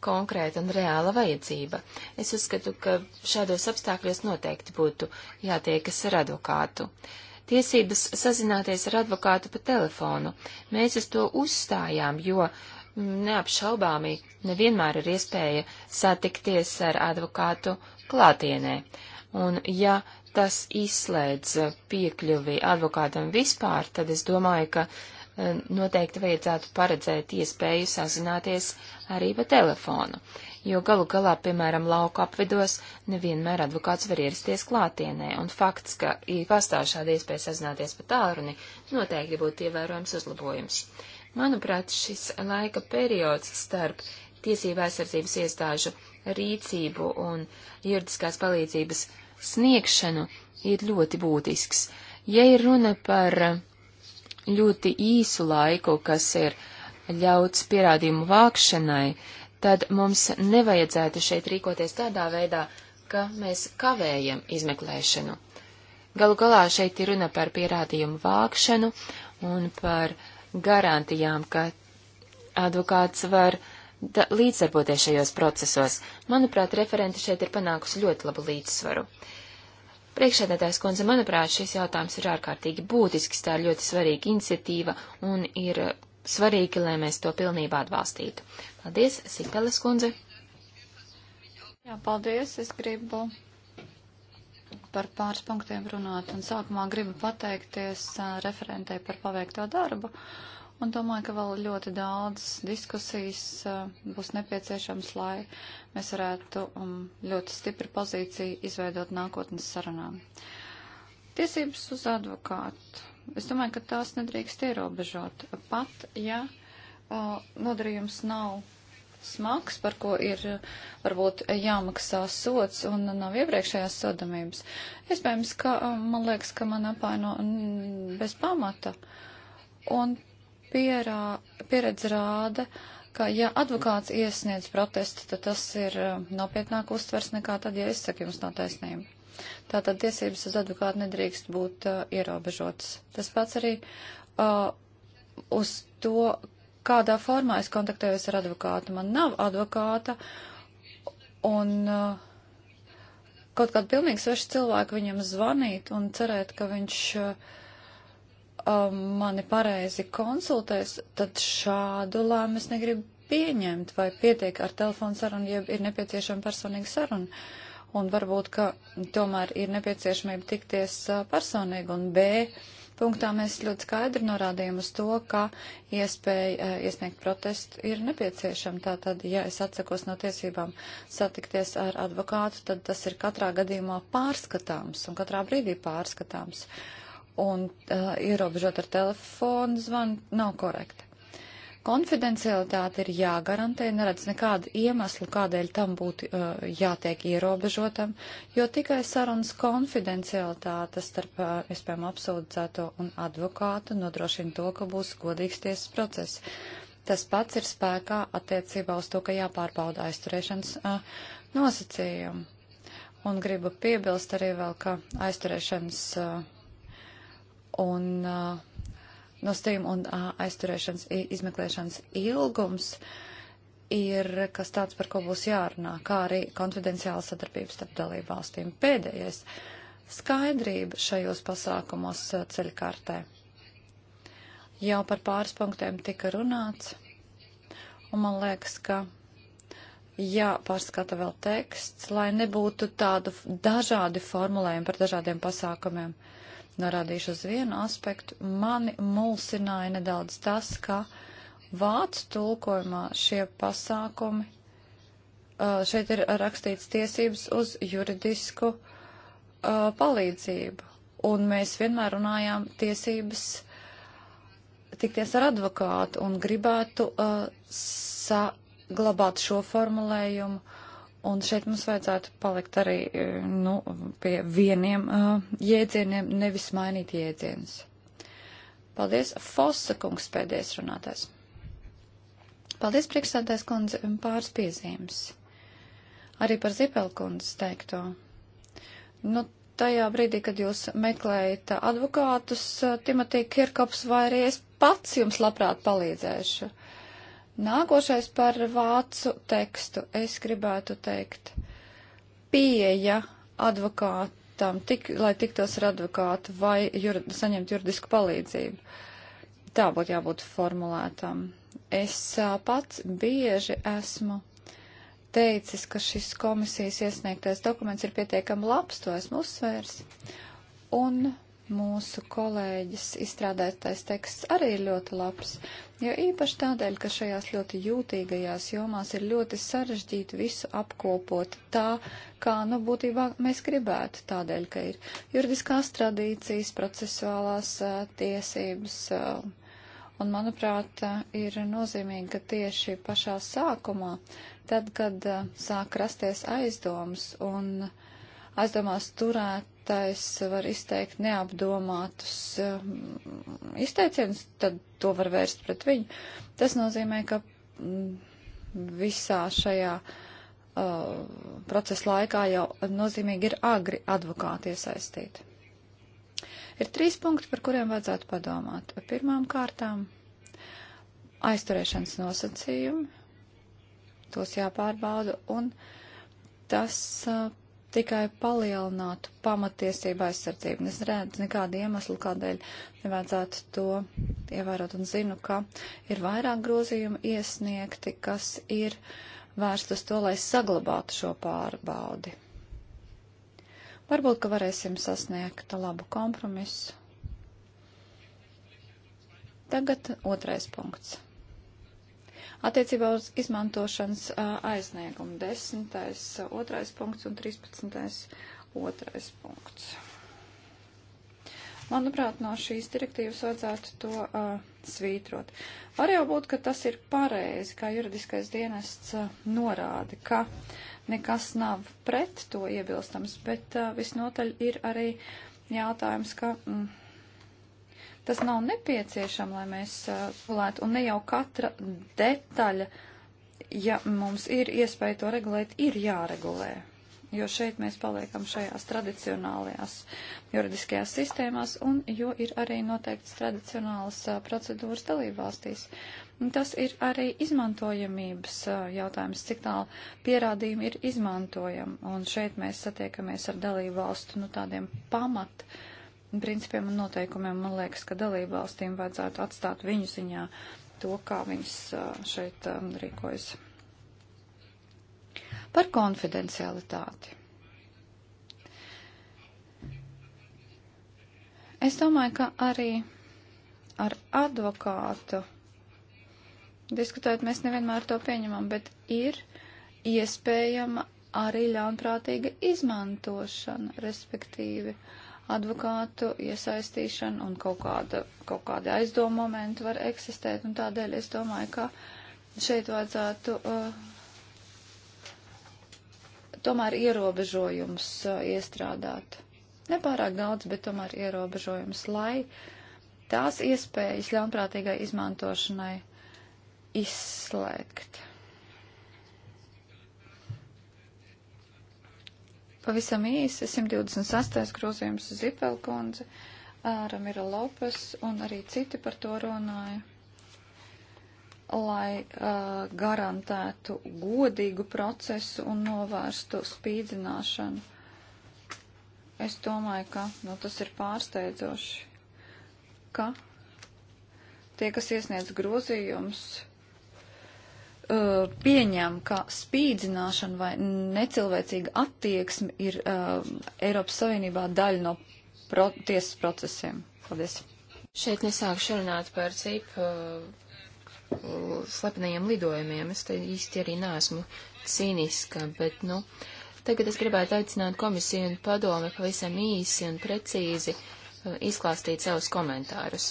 konkrēta un reāla vajadzība. Es uzskatu, ka šādos apstākļos noteikti būtu jātiekas ar advokātu. Uh, tiesības sazināties ar advokātu pa telefonu. Mēs uz to uzstājām, jo mm, neapšaubāmi nevienmēr ir iespēja satikties ar advokātu klātienē. Un ja tas izslēdz piekļuvi advokātam vispār, tad es domāju, ka eh, noteikti vajadzētu paredzēt iespēju sazināties arī pa telefonu jo galu galā, piemēram, lauka apvidos nevienmēr advokāts var ierasties klātienē, un fakts, ka pastāv šāda iespēja sazināties pa tālruni, noteikti būtu ievērojams uzlabojums. Manuprāt, šis laika periods starp tiesību aizsardzības iestāžu rīcību un juridiskās palīdzības sniegšanu ir ļoti būtisks. Ja ir runa par ļoti īsu laiku, kas ir ļauts pierādījumu vākšanai, tad mums nevajadzētu šeit rīkoties tādā veidā, ka mēs kavējam izmeklēšanu. Galu galā šeit ir runa par pierādījumu vākšanu un par garantijām, ka advokāts var da, līdzdarboties šajos procesos. Manuprāt, referenti šeit ir panākusi ļoti labu līdzsvaru. Priekšsēdētājs kundze, manuprāt, šis jautājums ir ārkārtīgi būtisks, tā ir ļoti svarīga iniciatīva un ir svarīgi, lai mēs to pilnībā atbalstītu. Paldies, Sipeles kundze. Jā, paldies. Es gribu par pāris punktiem runāt un sākumā gribu pateikties referentei par paveikto darbu. Un domāju, ka vēl ļoti daudz diskusijas būs nepieciešams, lai mēs varētu um, ļoti stipri pozīciju izveidot nākotnes sarunām. Tiesības uz advokātu Es domāju, ka tās nedrīkst ierobežot. Pat, ja nodarījums nav smags, par ko ir varbūt jāmaksā sots un nav iepriekšējās sodamības. Iespējams, ka man liekas, ka man apaino bez pamata. Un pierā, pieredze rāda, ka ja advokāts iesniedz protestu, tad tas ir nopietnāk uztvers nekā tad, ja es saku jums no taisnību. Tātad tiesības uz advokātu nedrīkst būt uh, ierobežotas. Tas pats arī uh, uz to, kādā formā es kontaktējos ar advokātu. Man nav advokāta un uh, kaut kāda pilnīgi sveša cilvēka viņam zvanīt un cerēt, ka viņš. Uh, um, mani pareizi konsultēs, tad šādu lēmu es negribu pieņemt, vai pietiek ar telefonu sarunu, ja ir nepieciešama personīga saruna un varbūt, ka tomēr ir nepieciešamība tikties personīgi un B. Punktā mēs ļoti skaidri norādījām uz to, ka iespēja iesniegt protestu ir nepieciešama. Tātad, ja es atsakos no tiesībām satikties ar advokātu, tad tas ir katrā gadījumā pārskatāms un katrā brīdī pārskatāms. Un uh, ierobežot ar telefonu zvanu nav korekti. Konfidencialitāte ir jāgarantē, neredz nekādu iemeslu, kādēļ tam būtu uh, jātiek ierobežotam, jo tikai sarunas konfidencialitāte starp, uh, iespējām, apsūdzēto un advokātu nodrošina to, ka būs godīgs tiesas process. Tas pats ir spēkā attiecībā uz to, ka jāpārbauda aizturēšanas uh, nosacījumi. Un gribu piebilst arī vēl, ka aizturēšanas uh, un. Uh, nosacījumu un aizturēšanas izmeklēšanas ilgums ir kas tāds, par ko būs jārunā, kā arī konfidenciāla sadarbības starp dalību valstīm. Pēdējais - skaidrība šajos pasākumos ceļkārtē. Jau par pāris punktiem tika runāts, un man liekas, ka jāpārskata vēl teksts, lai nebūtu tādu dažādi formulējumi par dažādiem pasākumiem. Uh, norādīšu uz vienu aspektu. Mani mulsināja nedaudz tas, ka vācu tulkojumā šie pasākumi šeit ir rakstīts tiesības uz juridisku palīdzību. Un mēs vienmēr runājām tiesības tikties ar advokātu un gribētu saglabāt šo formulējumu Un šeit mums vajadzētu palikt arī e, nu, pie vieniem uh, jēdzieniem, nevis mainīt jēdzienus. Paldies, Fossa kungs, pēdējais runātājs. Paldies, priekšstādājs kundze, pāris piezīmes. Arī par Zipelkundas teikto. Nu, tajā brīdī, kad jūs meklējat advokātus, e, Timotī Kirkops vai arī es pats jums labprāt palīdzēšu. Uh, Nākošais par vācu tekstu es gribētu teikt. Pieeja advokātam, tik, lai tiktos ar advokātu vai jur, saņemt juridisku palīdzību. Tā būtu jābūt formulētam. Es pats bieži esmu teicis, ka šis komisijas iesniegtais dokuments ir pietiekami labs, to esmu uzsvērs. Un mūsu kolēģis izstrādātais teksts arī ir ļoti labs, jo īpaši tādēļ, ka šajās ļoti jūtīgajās jomās ir ļoti sarežģīti visu apkopot tā, kā, nu, būtībā mēs gribētu, tādēļ, ka ir juridiskās tradīcijas, procesuālās tiesības, un, manuprāt, ir nozīmīgi, ka tieši pašā sākumā, tad, kad sāk rasties aizdomas un aizdomās turēt ievēlētais var izteikt neapdomātus um, izteicienus, tad to var vērst pret viņu. Tas nozīmē, ka mm, visā šajā uh, procesa laikā jau nozīmīgi ir agri advokāti iesaistīti. Ir trīs punkti, par kuriem vajadzētu padomāt. Pirmām kārtām aizturēšanas nosacījumi, tos jāpārbauda, un tas uh, tikai palielinātu pamatiesību aizsardzību. Es redzu nekādu iemeslu, kādēļ nevajadzētu to ievērot un zinu, ka ir vairāk grozījumu iesniegti, kas ir vērst uz to, lai saglabātu šo pārbaudi. Varbūt, ka varēsim sasniegt labu kompromisu. Tagad otrais punkts. Attiecībā uz izmantošanas aizniegumu 10. otrais punkts un 13. otrais punkts. Manuprāt, no šīs direktīvas vajadzētu to uh, svītrot. Var jau būt, ka tas ir pareizi, kā juridiskais dienests uh, norāda, ka nekas nav pret to iebilstams, bet uh, visnotaļ ir arī jautājums, ka mm, Tas nav nepieciešams, lai mēs uh, regulētu, un ne jau katra detaļa, ja mums ir iespēja to regulēt, ir jāregulē. Jo šeit mēs paliekam šajās tradicionālajās juridiskajās sistēmās, un jo ir arī noteikts tradicionālas uh, procedūras dalībvalstīs. Tas ir arī izmantojamības uh, jautājums, cik tālu pierādījumi ir izmantojami, un šeit mēs satiekamies ar dalībvalstu nu, tādiem pamatu principiem un noteikumiem, man liekas, ka dalību valstīm vajadzētu atstāt viņu ziņā to, kā viņas šeit rīkojas. Par konfidencialitāti. Es domāju, ka arī ar advokātu diskutējot, mēs nevienmēr to pieņemam, bet ir iespējama arī ļaunprātīga izmantošana, respektīvi. Uh, advokātu iesaistīšana un kaut kāda, kaut kāda aizdoma momenta var eksistēt, un tādēļ es domāju, ka šeit vajadzētu uh, tomēr ierobežojums uh, iestrādāt. Nepārāk daudz, bet tomēr ierobežojums, lai tās iespējas ļaunprātīgai izmantošanai izslēgt. Pavisam īsi 128. grozījums Zipelkundze, Ramira Lopes un arī citi par to runāja, lai uh, garantētu godīgu procesu un novērstu spīdzināšanu. Es domāju, ka nu, tas ir pārsteidzoši, ka tie, kas iesniedz grozījumus, uh, pieņem, ka spīdzināšana vai necilvēcīga attieksme ir uh, Eiropas Savienībā daļa no pro tiesas procesiem. Paldies. Šeit nesākšu runāt par cip uh, slepenajiem lidojumiem. Es te īsti arī neesmu cīniska, bet, nu, tagad es gribētu aicināt komisiju un padomi pavisam īsi un precīzi uh, izklāstīt savus komentārus.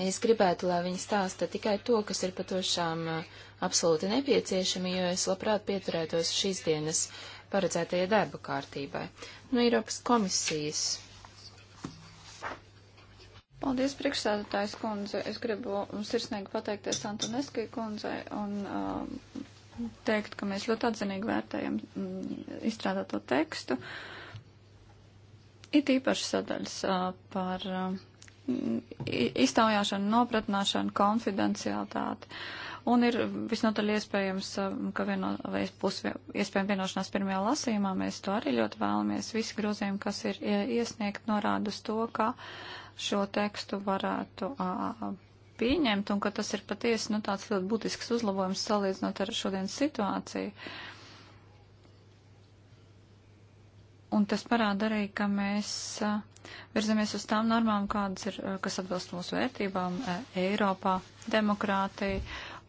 Es gribētu, lai viņi stāsta tikai to, kas ir patiešām uh, absolūti nepieciešami, jo es labprāt pieturētos šīs dienas paredzētajai darba kārtībai. No nu, Eiropas komisijas Paldies, priekšsēdētājs kundze. Es gribu sirsnīgi pateikties Antoneski kundzei un uh, teikt, ka mēs ļoti atzinīgi vērtējam mm, izstrādāto tekstu. It īpaši sadaļas uh, par uh, iztaujāšana, nopratnāšana, konfidencialitāte. Un ir visnotaļ iespējams, um, ka vieno, vai būs iespējama vienošanās pirmajā lasījumā, mēs to arī ļoti vēlamies. Visi grozījumi, kas ir iesniegt, norāda uz to, ka šo tekstu varētu a, pieņemt un ka tas ir patiesi nu, tāds ļoti būtisks uzlabojums salīdzinot ar šodienas situāciju. Uh, Un tas parāda arī, ka mēs virzamies uz tām normām, kādas ir, kas atbilst mūsu vērtībām Eiropā, demokrātija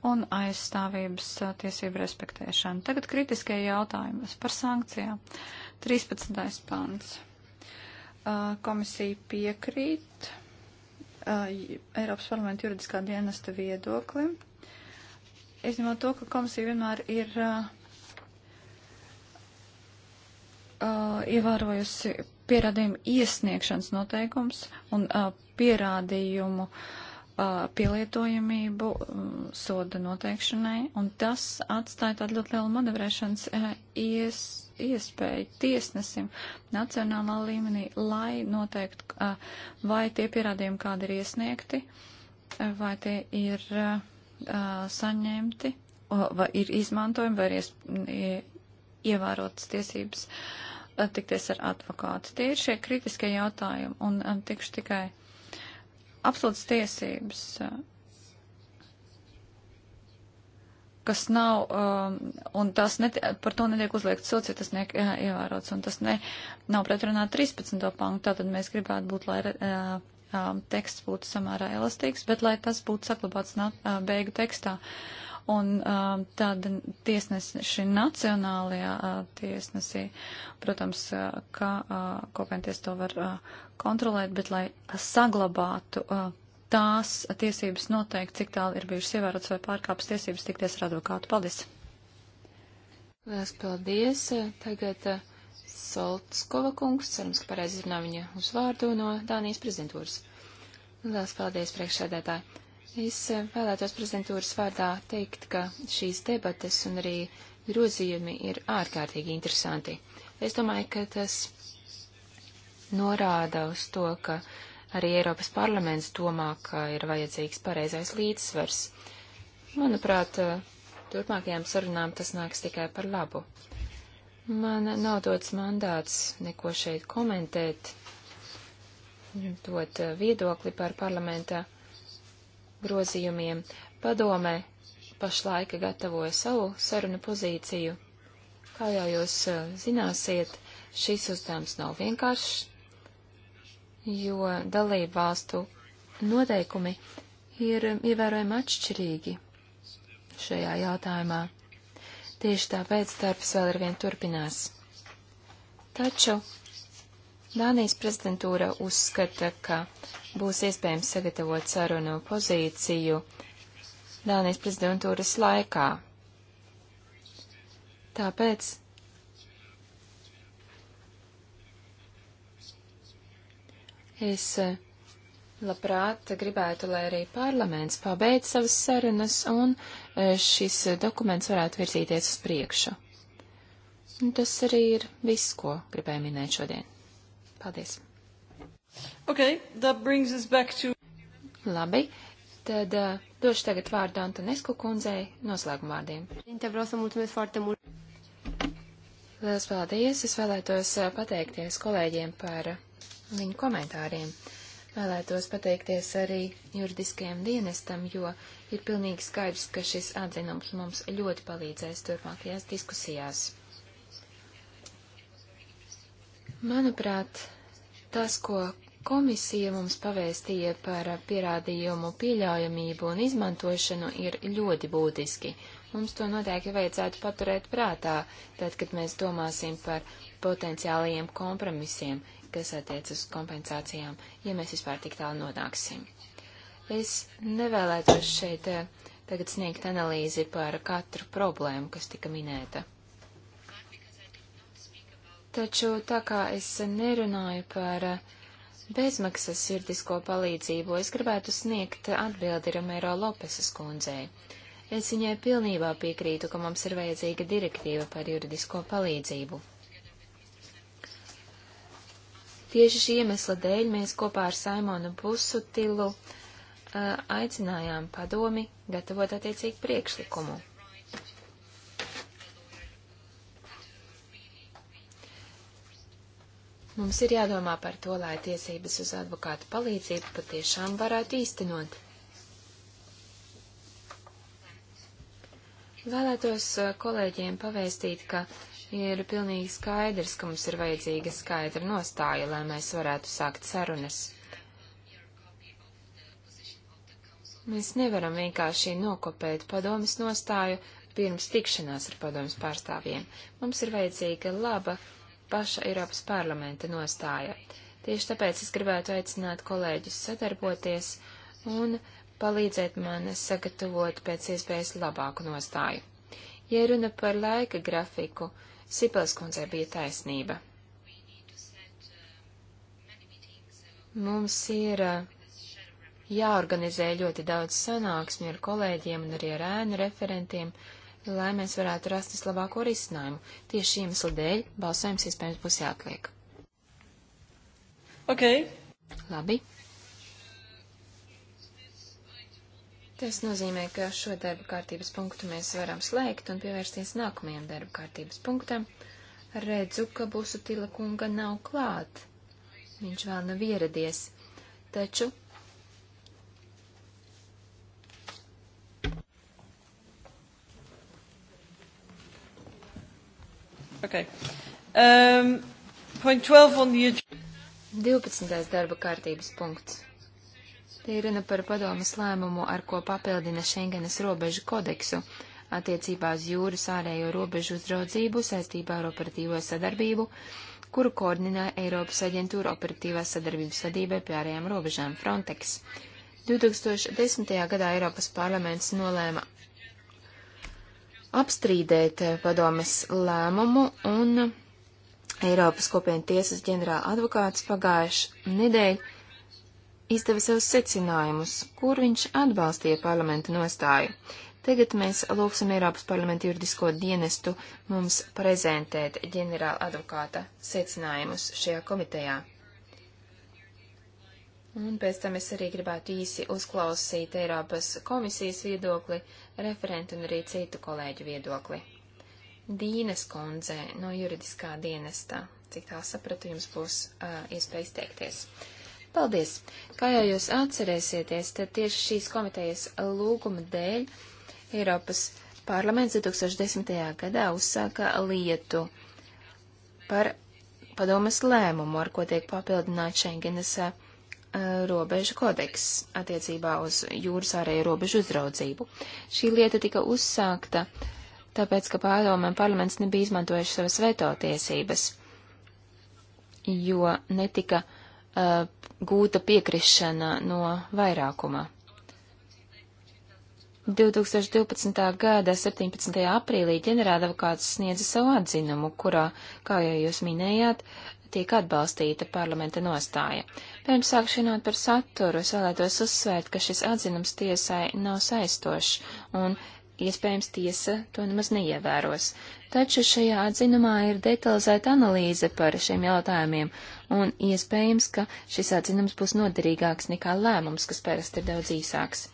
un aizstāvības tiesību respektēšana. Tagad kritiskie jautājumi par sankcijām. 13. pants. Komisija piekrīt Eiropas parlamenta juridiskā dienesta viedoklim. Izņemot to, ka komisija vienmēr ir uh, uh, ievērojusi pierādījumu iesniegšanas noteikums un uh, pierādījumu uh, pielietojamību um, soda noteikšanai, un tas atstāja tādu ļoti lielu manevrēšanas uh, ies, iespēju tiesnesim nacionālā līmenī, lai noteiktu, uh, vai tie pierādījumi, kādi ir iesniegti, uh, vai tie ir uh, saņemti, uh, vai ir izmantojumi, vai ir ies, ievērotas tiesības. Uh, tikties ar advokātu. Tie ir šie kritiskie jautājumi un um, tikšu tikai absolūtas tiesības, uh, kas nav, um, un tās net, par to netiek uzliekts sots, ja tas netiek uh, ievērots, un tas ne, nav pretrunā 13. pantu, tātad mēs gribētu būt, lai uh, uh, teksts būtu samērā elastīgs, bet lai tas būtu saglabāts uh, beigu tekstā. Uh, un uh, um, tāda tiesneši nacionālajā uh, tiesnesī, protams, uh, ka uh, kopienties to var uh, kontrolēt, bet lai saglabātu. Uh, Tās tiesības noteikti, cik tālu ir bijušas ievērotas vai pārkāptas tiesības tikties ar advokātu. Paldies! Lielas paldies! Tagad uh, Soltskova kungs, cerams, ka pareizi zina viņa uzvārdu no Dānijas prezidentūras. Lielas paldies, priekšsēdētāji! Es eh, vēlētos prezidentūras vārdā teikt, ka šīs debates un arī grozījumi ir ārkārtīgi interesanti. Es domāju, ka tas norāda uz to, ka arī Eiropas parlaments domā, ka ir vajadzīgs pareizais līdzsvars. Manuprāt, eh, turpmākajām sarunām tas nāks tikai par labu. Man nav dots mandāts neko šeit komentēt, dot eh, viedokli par parlamentā grozījumiem. Padomē pašlaika gatavoja savu sarunu pozīciju. Kā jau jūs eh, zināsiet, šis uzdevums nav vienkāršs, jo dalību valstu noteikumi ir ievērojami atšķirīgi šajā jautājumā. Tieši tāpēc darbs vēl ar vien turpinās. Taču Dānijas prezidentūra uzskata, ka būs iespējams sagatavot sarunu pozīciju Dānijas prezidentūras laikā. Tāpēc es eh, labprāt gribētu, lai arī parlaments pabeidz savas sarunas un eh, šis dokuments varētu virzīties uz priekšu. Un tas arī ir viss, ko gribēju minēt šodien. Paldies. Okay, that brings us back to... Labi, tad uh, došu tagad vārdu Antonesku kundzei noslēguma vārdiem. Lielas paldies! Es vēlētos uh, pateikties kolēģiem par uh, viņu komentāriem. Vēlētos pateikties arī juridiskajam dienestam, jo ir pilnīgi skaidrs, ka šis atzinums mums ļoti palīdzēs turpmākajās diskusijās. Manuprāt, tas, ko komisija mums pavēstīja par pierādījumu pieļaujamību un izmantošanu, ir ļoti būtiski. Mums to noteikti vajadzētu paturēt prātā, tad, kad mēs domāsim par potenciālajiem kompromisiem, kas attiec uz kompensācijām, ja mēs vispār tik tālu nonāksim. Es nevēlētos šeit eh, tagad sniegt analīzi par katru problēmu, kas tika minēta. Taču tā kā es nerunāju par bezmaksas sirdisko palīdzību, es gribētu sniegt atbildi Romero Lopesas kundzei. Es viņai pilnībā piekrītu, ka mums ir vajadzīga direktīva par juridisko palīdzību. Tieši šī iemesla dēļ mēs kopā ar Saimonu Pusutilu uh, aicinājām padomi gatavot attiecīgu priekšlikumu. Mums ir jādomā par to, lai tiesības uz advokātu palīdzību patiešām varētu īstenot. Vēlētos uh, kolēģiem pavēstīt, ka ir pilnīgi skaidrs, ka mums ir vajadzīga skaidra nostāja, lai mēs varētu sākt sarunas. Mēs nevaram vienkārši nokopēt padomas nostāju pirms tikšanās ar padomas pārstāvjiem. Mums ir vajadzīga laba paša Eiropas parlamenta nostāja. Tieši tāpēc es gribētu aicināt kolēģus sadarboties un palīdzēt man sagatavot pēc iespējas labāku nostāju. Ja runa par laika grafiku, Sipelskundzē bija taisnība. Mums ir uh, jāorganizē ļoti daudz sanāksmi ar kolēģiem un arī ar ēnu referentiem, lai mēs varētu rast vislabāko risinājumu. Tieši iemesla dēļ balsojums iespējams būs jāatliek. Ok. Labi. Tas nozīmē, ka šo darba kārtības punktu mēs varam slēgt un pievērsties nākamajam darba kārtības punktam. Redzu, ka Busutila kunga nav klāt. Viņš vēl nav ieradies. Taču Okay. Um, point 12 on the agenda. 12. darba kārtības punkts. Tie ir runa par padomas lēmumu, ar ko papildina Schengenes robežu kodeksu attiecībā uz jūras ārējo robežu uzraudzību saistībā ar operatīvo sadarbību, kuru koordinē Eiropas aģentūra operatīvās sadarbības vadībai pie ārējām robežām Frontex. 2010. gadā Eiropas parlaments nolēma apstrīdēt eh, padomes lēmumu un Eiropas kopienu tiesas ģenerāla advokāts pagājuši nedēļ izdeva savus secinājumus, kur viņš atbalstīja parlamenta nostāju. Tagad mēs lūgsim Eiropas parlamenta juridisko dienestu mums prezentēt ģenerāla advokāta secinājumus šajā komitejā. Un pēc tam es arī gribētu īsi uzklausīt Eiropas komisijas viedokli referentu un arī citu kolēģu viedokli. Dīnes kundze no juridiskā dienestā, cik tā sapratu, jums būs uh, iespēja izteikties. Paldies! Kā jau jūs atcerēsieties, tad tieši šīs komitejas lūguma dēļ Eiropas parlaments 2010. gadā uzsāka lietu par padomas lēmumu, ar ko tiek papildināta Schengenas uh, robežu kodeks attiecībā uz jūras ārēju robežu uzraudzību. Šī lieta tika uzsākta, tāpēc, ka pārdomē parlaments nebija izmantojuši savas veto tiesības, jo netika uh, gūta piekrišana no vairākuma. 2012. gada 17. aprīlī ģenerāldevokāts sniedza savu atzinumu, kurā, kā jau jūs minējāt, tiek atbalstīta parlamenta nostāja. Pirms sākšu runāt par saturu, es vēlētos uzsvērt, ka šis atzinums tiesai nav saistošs, un iespējams tiesa to nemaz neievēros. Taču šajā atzinumā ir detalizēta analīze par šiem jautājumiem, un iespējams, ka šis atzinums būs noderīgāks nekā lēmums, kas parasti ir daudz īsāks.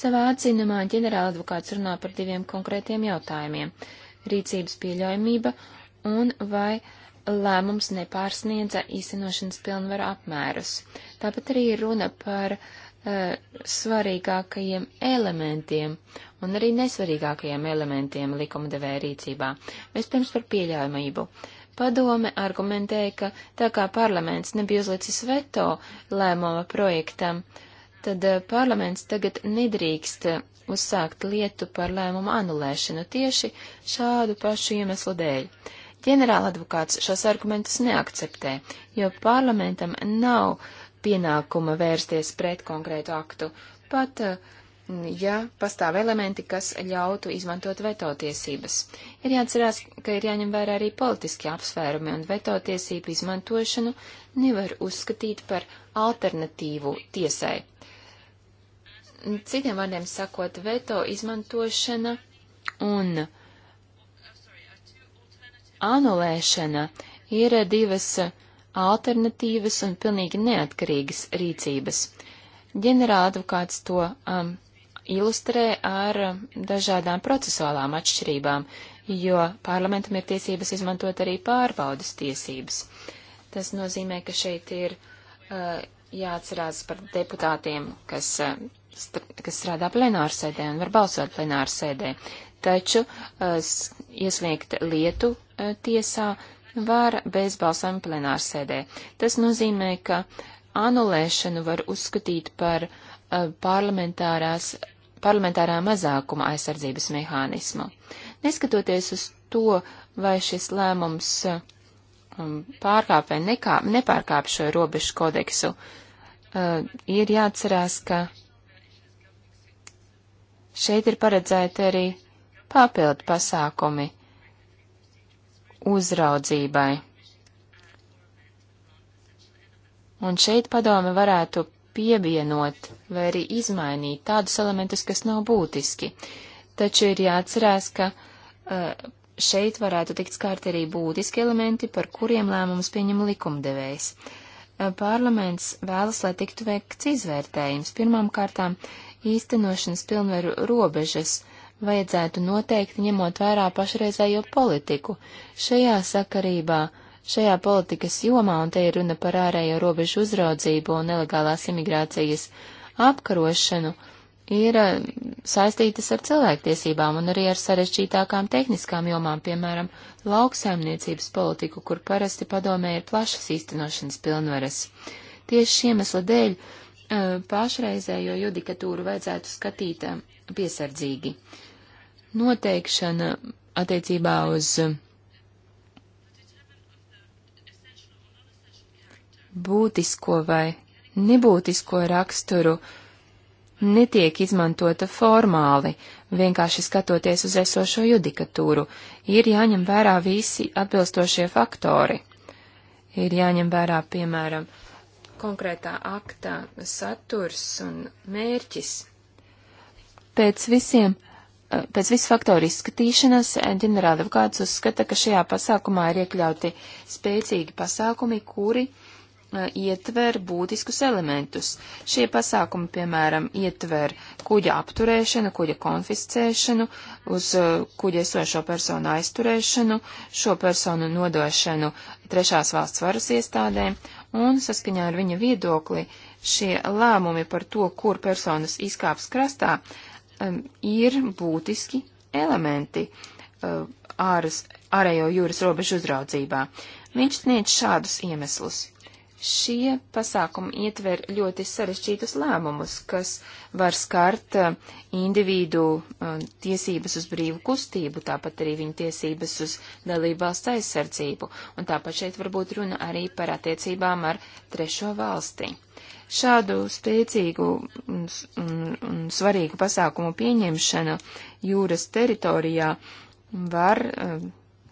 Savā atzinumā ģenerāladvokāts runā par diviem konkrētiem jautājumiem - rīcības pieļaujamība un vai uh, lēmums nepārsniedza īstenošanas pilnvaru apmērus. Tāpat arī runa par uh, svarīgākajiem elementiem un arī nesvarīgākajiem elementiem likumdevēja rīcībā. Vispirms par pieļaujamību. Padome argumentēja, ka tā kā parlaments nebija uzlicis veto lēmuma projektam, tad uh, parlaments tagad nedrīkst uzsākt lietu par lēmumu anulēšanu tieši šādu pašu iemeslu dēļ. Uh, Ģenerāladvokāts šos argumentus neakceptē, jo parlamentam nav pienākuma vērsties pret konkrētu aktu, pat mm, ja pastāv elementi, kas ļautu izmantot veto tiesības. Ir jāatcerās, ka ir jāņem vērā arī politiski apsvērumi, un veto tiesību izmantošanu nevar uzskatīt par alternatīvu tiesai. Citiem vārdiem sakot, veto izmantošana un anulēšana ir divas alternatīvas un pilnīgi neatkarīgas rīcības. Ģenerāldvokāts to um, ilustrē ar um, dažādām procesuālām atšķirībām, jo parlamentam ir tiesības izmantot arī pārbaudas tiesības. Tas nozīmē, ka šeit ir uh, jāatcerās par deputātiem, kas, uh, kas strādā plenārsēdē un var balsot plenārsēdē taču uh, iesniegt lietu Eh, tiesā var bez balsojuma plenārsēdē. Tas nozīmē, ka anulēšanu var uzskatīt par eh, parlamentārās, parlamentārā mazākuma aizsardzības mehānismu. Neskatoties uz to, vai šis lēmums eh, um, pārkāp vai nekā, nepārkāp šo robežu kodeksu, ir jāatcerās, ka šeit ir paredzēti arī papildu pasākumi uzraudzībai. Un šeit padome varētu pievienot vai arī izmainīt tādus elementus, kas nav būtiski. Taču ir jāatcerās, ka uh, šeit varētu tikt skārti arī būtiski elementi, par kuriem lēmums pieņem likumdevējs. Uh, parlaments vēlas, lai tiktu veikts izvērtējums, pirmām kārtām īstenošanas pilnveru robežas, vajadzētu noteikti ņemot vērā pašreizējo politiku. Šajā sakarībā, šajā politikas jomā, un te ir runa par ārējo robežu uzraudzību un nelegālās imigrācijas apkarošanu, ir eh, saistītas ar cilvēktiesībām un arī ar sarežģītākām tehniskām jomām, piemēram, lauksaimniecības politiku, kur parasti padomē ir plašas īstenošanas pilnvaras. Tieši šī iemesla dēļ eh, pašreizējo judikatūru vajadzētu skatīt eh, piesardzīgi noteikšana attiecībā uz būtisko vai nebūtisko raksturu netiek izmantota formāli, vienkārši skatoties uz esošo judikatūru, ir jāņem vērā visi atbilstošie faktori. Ir jāņem vērā, piemēram, konkrētā aktā saturs un mērķis. Pēc visiem Eh, pēc visu faktoru izskatīšanas eh, ģenerāldevkāds uzskata, ka šajā pasākumā ir iekļauti spēcīgi pasākumi, kuri uh, ietver būtiskus elementus. Šie pasākumi, piemēram, ietver kuģa apturēšanu, kuģa konfiscēšanu, uz uh, kuģa esošo personu aizturēšanu, šo personu nodošanu trešās valsts varas iestādēm, un saskaņā ar viņa viedokli šie lēmumi par to, kur personas izkāps krastā, uh, um, ir būtiski elementi uh, āras, ārējo jūras robežu uzraudzībā. Viņš sniedz šādus iemeslus. Šie pasākumi ietver ļoti sarešķītus lēmumus, kas var skart uh, individu uh, tiesības uz brīvu kustību, tāpat arī viņu tiesības uz dalību valsts aizsardzību, un tāpat šeit varbūt runa arī par attiecībām ar trešo valsti. Šādu spēcīgu un, un, un svarīgu pasākumu pieņemšana jūras teritorijā var um,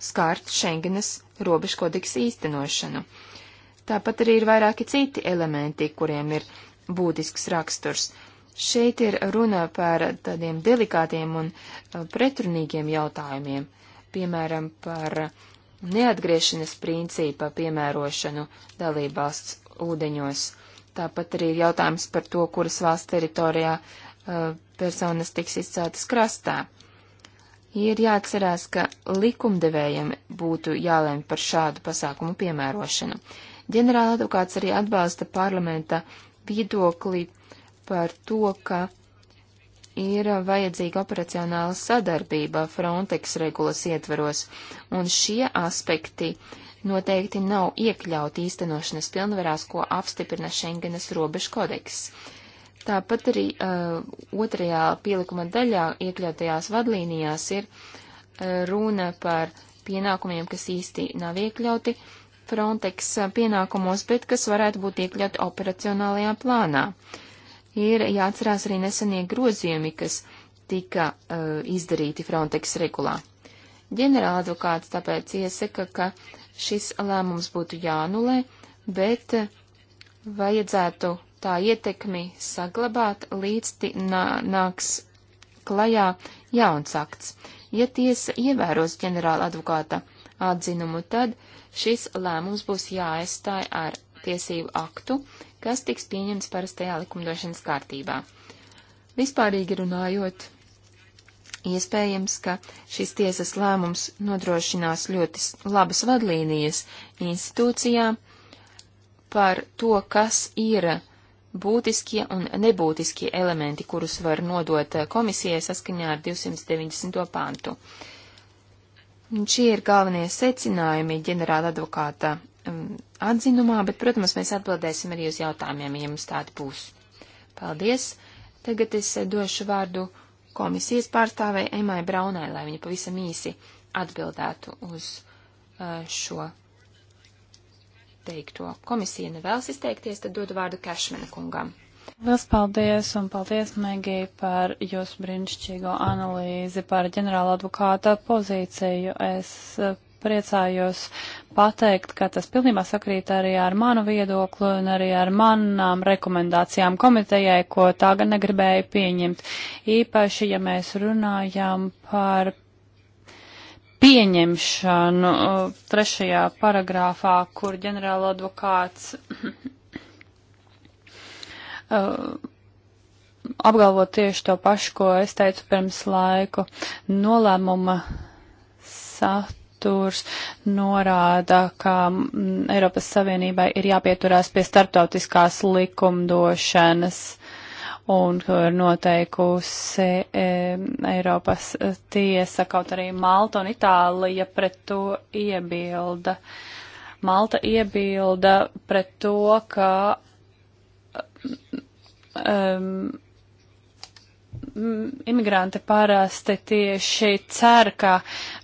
skārt Schengenes robežkodiks īstenošanu. Tāpat arī ir vairāki citi elementi, kuriem ir būtisks raksturs. Šeit ir runa par tādiem delikātiem un eh, pretrunīgiem jautājumiem, piemēram, par neatgriešanas principa piemērošanu dalībvalsts ūdeņos Tāpat arī ir jautājums par to, kuras valsts teritorijā uh, personas tiks izceltas krastā. Ir jāatcerās, ka likumdevējiem būtu jālēm par šādu pasākumu piemērošanu. Ģenerāla advokāts arī atbalsta parlamenta viedokli par to, ka ir vajadzīga operacionāla sadarbība Frontex regulas ietveros, un šie aspekti uh, noteikti nav iekļauti īstenošanas pilnvarās, ko apstiprina Schengenas robežu kodeks. Tāpat arī uh, otrajā pielikuma daļā iekļautajās vadlīnijās ir uh, runa par pienākumiem, kas īsti nav iekļauti Frontex uh, pienākumos, bet kas varētu būt iekļauti operacionālajā plānā. Ir jāatcerās arī nesenie grozījumi, kas tika uh, izdarīti Frontex regulā. Ģenerāladvokāts tāpēc iesaka, ka šis lēmums būtu jānulē, bet vajadzētu tā ietekmi saglabāt, līdz nā, nāks klajā jauns akts. Ja tiesa ievēros ģenerāla advokāta atzinumu, tad šis lēmums būs jāaizstāj ar tiesību aktu, kas tiks pieņemts parastajā likumdošanas kārtībā. Vispārīgi runājot, Iespējams, ka šis tiesas lēmums nodrošinās ļoti labas vadlīnijas institūcijām par to, kas ir būtiskie un nebūtiskie elementi, kurus var nodot komisijai saskaņā ar 290. pantu. Un šie ir galvenie secinājumi ģenerāla advokāta mm, atzinumā, bet, protams, mēs atbildēsim arī uz jautājumiem, ja mums tādi būs. Paldies! Tagad es došu vārdu komisijas pārstāvei Emai Braunai, lai viņa pavisam īsi atbildētu uz uh, šo teikto. Komisija nevēlas izteikties, tad dodu vārdu Kešmena kungam. Liels paldies un paldies, Megī, par jūsu brīnišķīgo analīzi par ģenerāla advokāta pozīciju. Es uh, priecājos pateikt, ka tas pilnībā sakrīt arī ar manu viedokli un arī ar manām rekomendācijām komitejai, ko tā gan negribēja pieņemt. Īpaši, ja mēs runājam par pieņemšanu uh, trešajā paragrāfā, kur ģenerāla advokāts uh, apgalvo tieši to pašu, ko es teicu pirms laiku, nolēmuma sat aģentūras norāda, ka m, mm, Eiropas Savienībai ir jāpieturās pie starptautiskās likumdošanas un ko ir noteikusi e, Eiropas eh, tiesa, kaut arī Malta un Itālija pret to iebilda. Malta iebilda pret to, ka um, Mm, imigranti parasti tieši cer, ka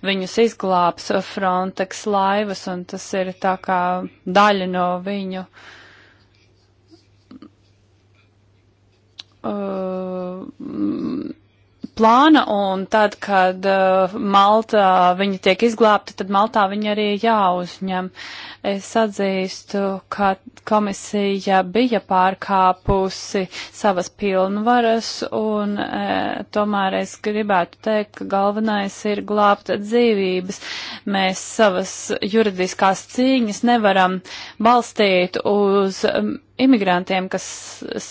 viņus izglābs Frontex laivas, un tas ir tā kā daļa no viņu. Uh, plāna, un tad, kad uh, Maltā uh, viņi tiek izglābti, tad Maltā viņi arī jāuzņem. Es atzīstu, ka komisija bija pārkāpusi savas pilnvaras, un uh, tomēr es gribētu teikt, ka galvenais ir glābt dzīvības. Mēs savas juridiskās cīņas nevaram balstīt uz um, imigrantiem, kas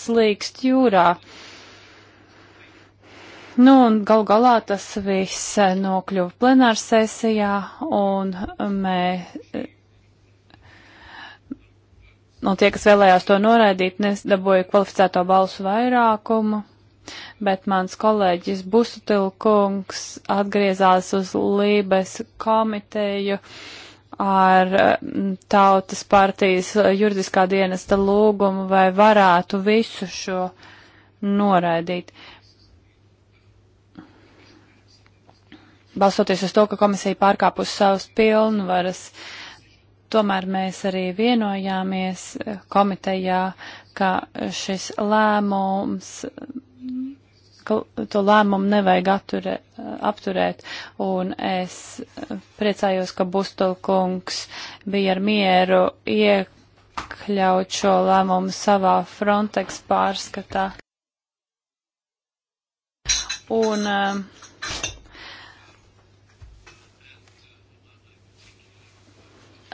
slīkst jūrā. Uh, Nu, un gal galā tas viss eh, nokļuva plenārsesijā, un eh, mē, nu, tie, kas vēlējās to noraidīt, nedabūja kvalificēto balsu vairākumu, bet mans kolēģis Busutilkungs atgriezās uz Lībes komiteju ar Tautas partijas juridiskā dienesta lūgumu, vai varētu visu šo noraidīt. Uh, balstoties uz to, ka komisija pārkāpus savus pilnvaras. Tomēr mēs arī vienojāmies komitejā, ka šis lēmums, ka to lēmumu nevajag atture, apturēt, un es priecājos, ka Bustulkungs bija ar mieru iekļaut šo lēmumu savā Frontex pārskatā. Un uh,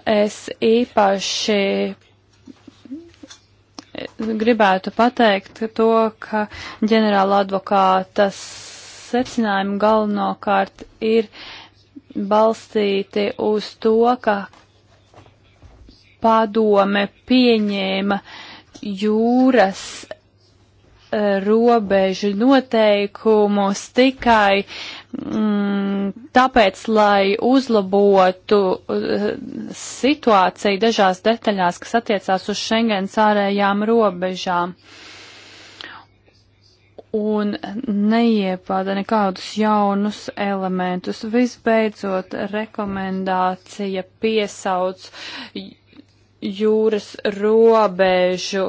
es īpaši eh, gribētu pateikt to, ka ģenerāla advokāta secinājumi galvenokārt ir balstīti uz to, ka padome pieņēma jūras eh, robežu noteikumus tikai uh, Mm, tāpēc, lai uzlabotu uh, situāciju dažās detaļās, kas attiecās uz Schengens ārējām robežām, un neiepāda nekādus jaunus elementus. Visbeidzot, rekomendācija piesauc jūras robežu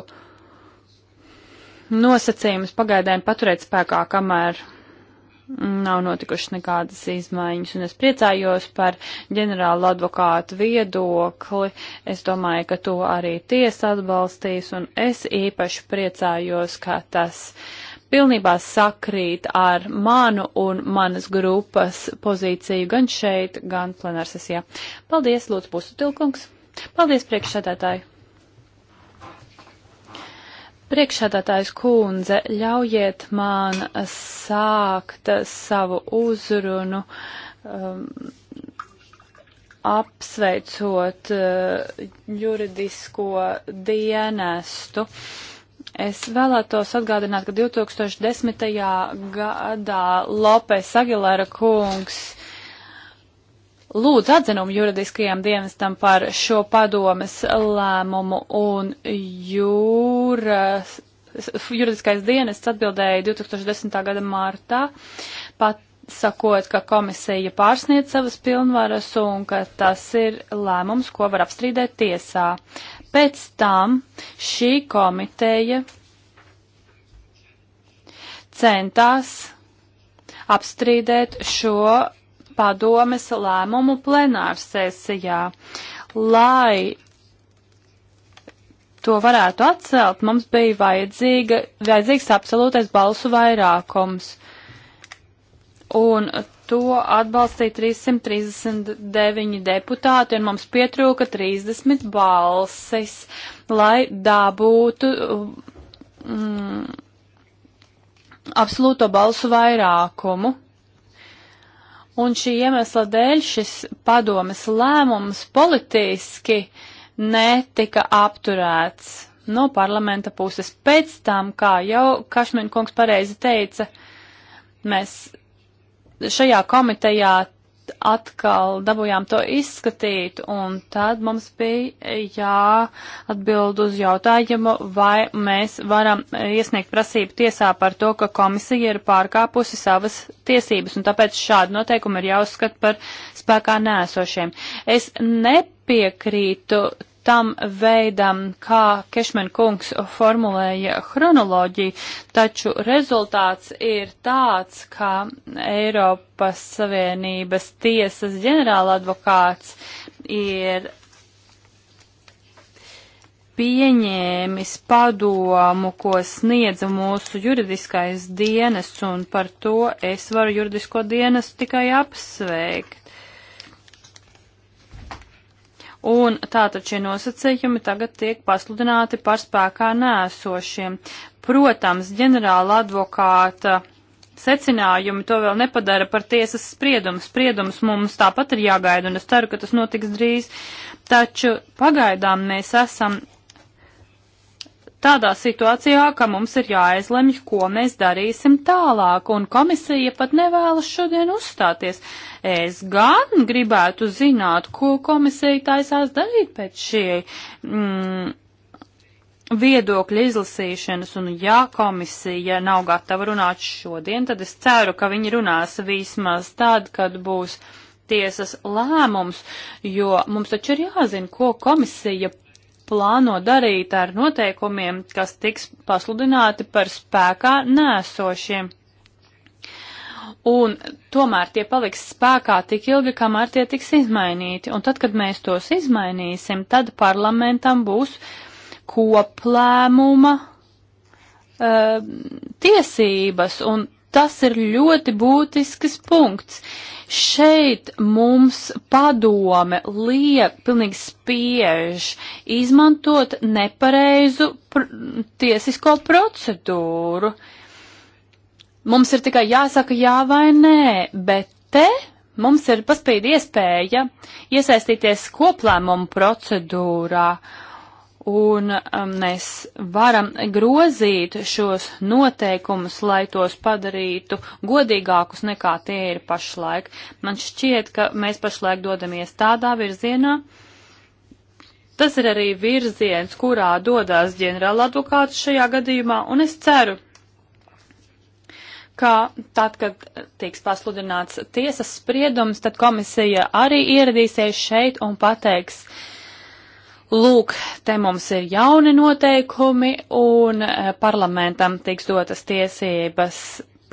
nosacījumus pagaidēm paturēt spēkā, kamēr nav notikušas nekādas izmaiņas, un es priecājos par ģenerālu advokātu viedokli. Es domāju, ka to arī tiesa atbalstīs, un es īpaši priecājos, ka tas pilnībā sakrīt ar manu un manas grupas pozīciju gan šeit, gan plenārsesijā. Paldies, Lūdzu, Pusutilkungs! Paldies, priekšsēdētāji! Priekšādātājs kundze, ļaujiet man sākt savu uzrunu um, apsveicot uh, juridisko dienestu. Es vēlētos atgādināt, ka 2010. gadā Lopes Agilera kungs lūdz atzinumu juridiskajam dienestam par šo padomes lēmumu un jūras, juridiskais dienests atbildēja 2010. gada martā, pat sakot, ka komisija pārsniedz savas pilnvaras un ka tas ir lēmums, ko var apstrīdēt tiesā. Pēc tam šī komiteja centās apstrīdēt šo padomes lēmumu plenārsesijā. Lai to varētu atcelt, mums bija vajadzīga, vajadzīgs absolūtais balsu vairākums. Un to atbalstīja 339 deputāti, un mums pietrūka 30 balsis, lai dabūtu mm, absolūto balsu vairākumu. Un šī iemesla dēļ šis padomes lēmums politiski netika apturēts no parlamenta puses. Pēc tam, kā jau Kašmeņa kungs pareizi teica, mēs šajā komitejā atkal dabujām to izskatīt, un tad mums bija jāatbild uz jautājumu, vai mēs varam iesniegt prasību tiesā par to, ka komisija ir pārkāpusi savas tiesības, un tāpēc šādi noteikumi ir jāuzskata par spēkā nēsošiem. Es nepiekrītu tam veidam, kā Kešmen kungs formulēja chronoloģiju, taču rezultāts ir tāds, ka Eiropas Savienības tiesas ģenerāla advokāts ir pieņēmis padomu, ko sniedza mūsu juridiskais dienas, un par to es varu juridisko dienas tikai apsveikt. Un tātad šie nosacījumi tagad tiek pasludināti par spēkā nēsošiem. Protams, ģenerāla advokāta secinājumi to vēl nepadara par tiesas spriedumu. Spriedums mums tāpat ir jāgaida, un es ceru, ka tas notiks drīz. Taču pagaidām mēs esam tādā situācijā, ka mums ir jāizlemj, ko mēs darīsim tālāk, un komisija pat nevēlas šodien uzstāties. Es gan gribētu zināt, ko komisija taisās darīt pēc šī mm, viedokļa izlasīšanas, un ja komisija nav gatava runāt šodien, tad es ceru, ka viņi runās vismaz tad, kad būs tiesas lēmums, jo mums taču ir jāzina, ko komisija plāno darīt ar noteikumiem, kas tiks pasludināti par spēkā nēsošiem. Un tomēr tie paliks spēkā tik ilgi, kamēr tie tiks izmainīti. Un tad, kad mēs tos izmainīsim, tad parlamentam būs koplēmuma uh, tiesības, un Tas ir ļoti būtisks punkts. Šeit mums padome liek, pilnīgi spiež izmantot nepareizu pr tiesisko procedūru. Mums ir tikai jāsaka jā vai nē, bet te mums ir paspīd iespēja iesaistīties koplēmumu procedūrā un um, mēs varam grozīt šos noteikumus, lai tos padarītu godīgākus nekā tie ir pašlaik. Man šķiet, ka mēs pašlaik dodamies tādā virzienā. Tas ir arī virziens, kurā dodas ģenerāla advokāts šajā gadījumā, un es ceru, ka tad, kad tiks pasludināts tiesas spriedums, tad komisija arī ieradīsies šeit un pateiks, uh, Lūk, te mums ir jauni noteikumi un eh, parlamentam tiks dotas tiesības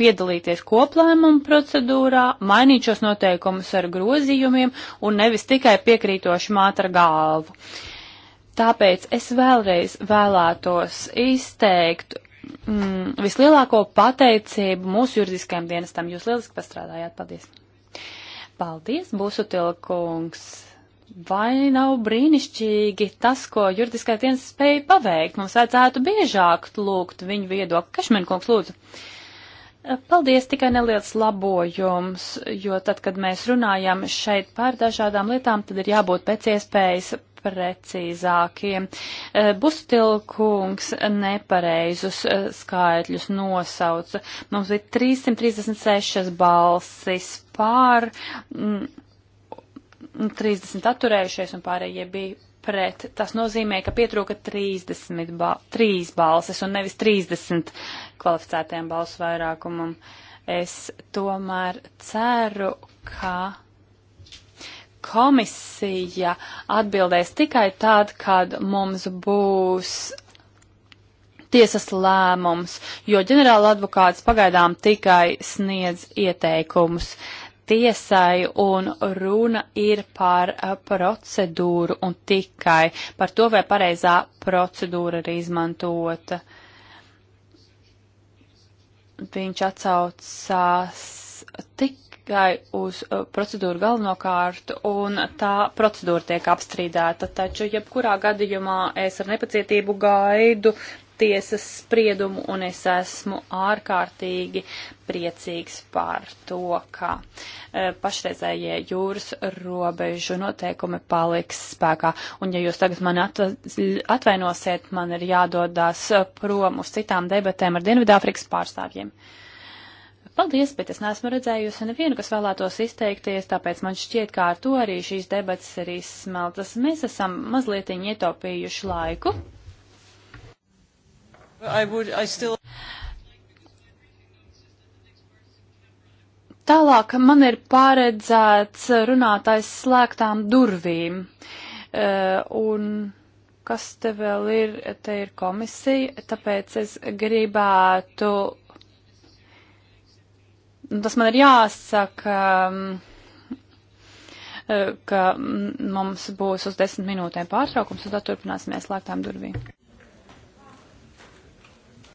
piedalīties koplēmumu procedūrā, mainīt šos noteikumus ar grozījumiem un nevis tikai piekrītoši mātra galvu. Tāpēc es vēlreiz vēlētos izteikt mm, vislielāko pateicību mūsu juridiskajam dienestam. Jūs lieliski pastrādājāt. Paldies! Paldies, Būsutilkungs! Vai nav brīnišķīgi tas, ko juridiskā dienas spēja paveikt? Mums vajadzētu biežāk lūgt viņu viedokli. Kašmenkungs, lūdzu. Paldies, tikai neliels labojums, jo tad, kad mēs runājam šeit par dažādām lietām, tad ir jābūt pēc iespējas precīzākiem. Eh, Bustilkungs nepareizus eh, skaitļus nosauca. Mums bija 336 balsis pār. Mm, 30 atturējušies un pārējie bija pret. Tas nozīmē, ka pietrūka 30 ba 3 balses un nevis 30 kvalificētajiem balsu vairākumam. Es tomēr ceru, ka komisija atbildēs tikai tad, kad mums būs tiesas lēmums, jo ģenerāla advokāts pagaidām tikai sniedz ieteikumus. Uh, tiesai un runa ir par eh, procedūru un tikai par to, vai pareizā procedūra ir izmantota. Viņš atsaucās tikai uz eh, procedūru galvenokārt, un tā procedūra tiek apstrīdēta. Taču, jebkurā gadījumā es ar nepacietību gaidu tiesas spriedumu, un es esmu ārkārtīgi priecīgs par to, ka e, pašreizējie jūras robežu noteikumi paliks spēkā. Un ja jūs tagad mani atvainosiet, man ir jādodās prom uz citām debatēm ar Dienvidāfrikas pārstāvjiem. Paldies, bet es neesmu redzējusi nevienu, kas vēlētos izteikties, tāpēc man šķiet, kā ar to arī šīs debatas ir izsmeltas. Mēs esam mazliet ietaupījuši laiku. I would, I still... Tālāk man ir paredzēts runāt aiz slēgtām durvīm. Uh, un kas te vēl ir? Te ir komisija, tāpēc es gribētu. Nu, tas man ir jāsaka, e, ka mums būs uz desmit minūtēm pārtraukums, un tad turpināsimies slēgtām durvīm.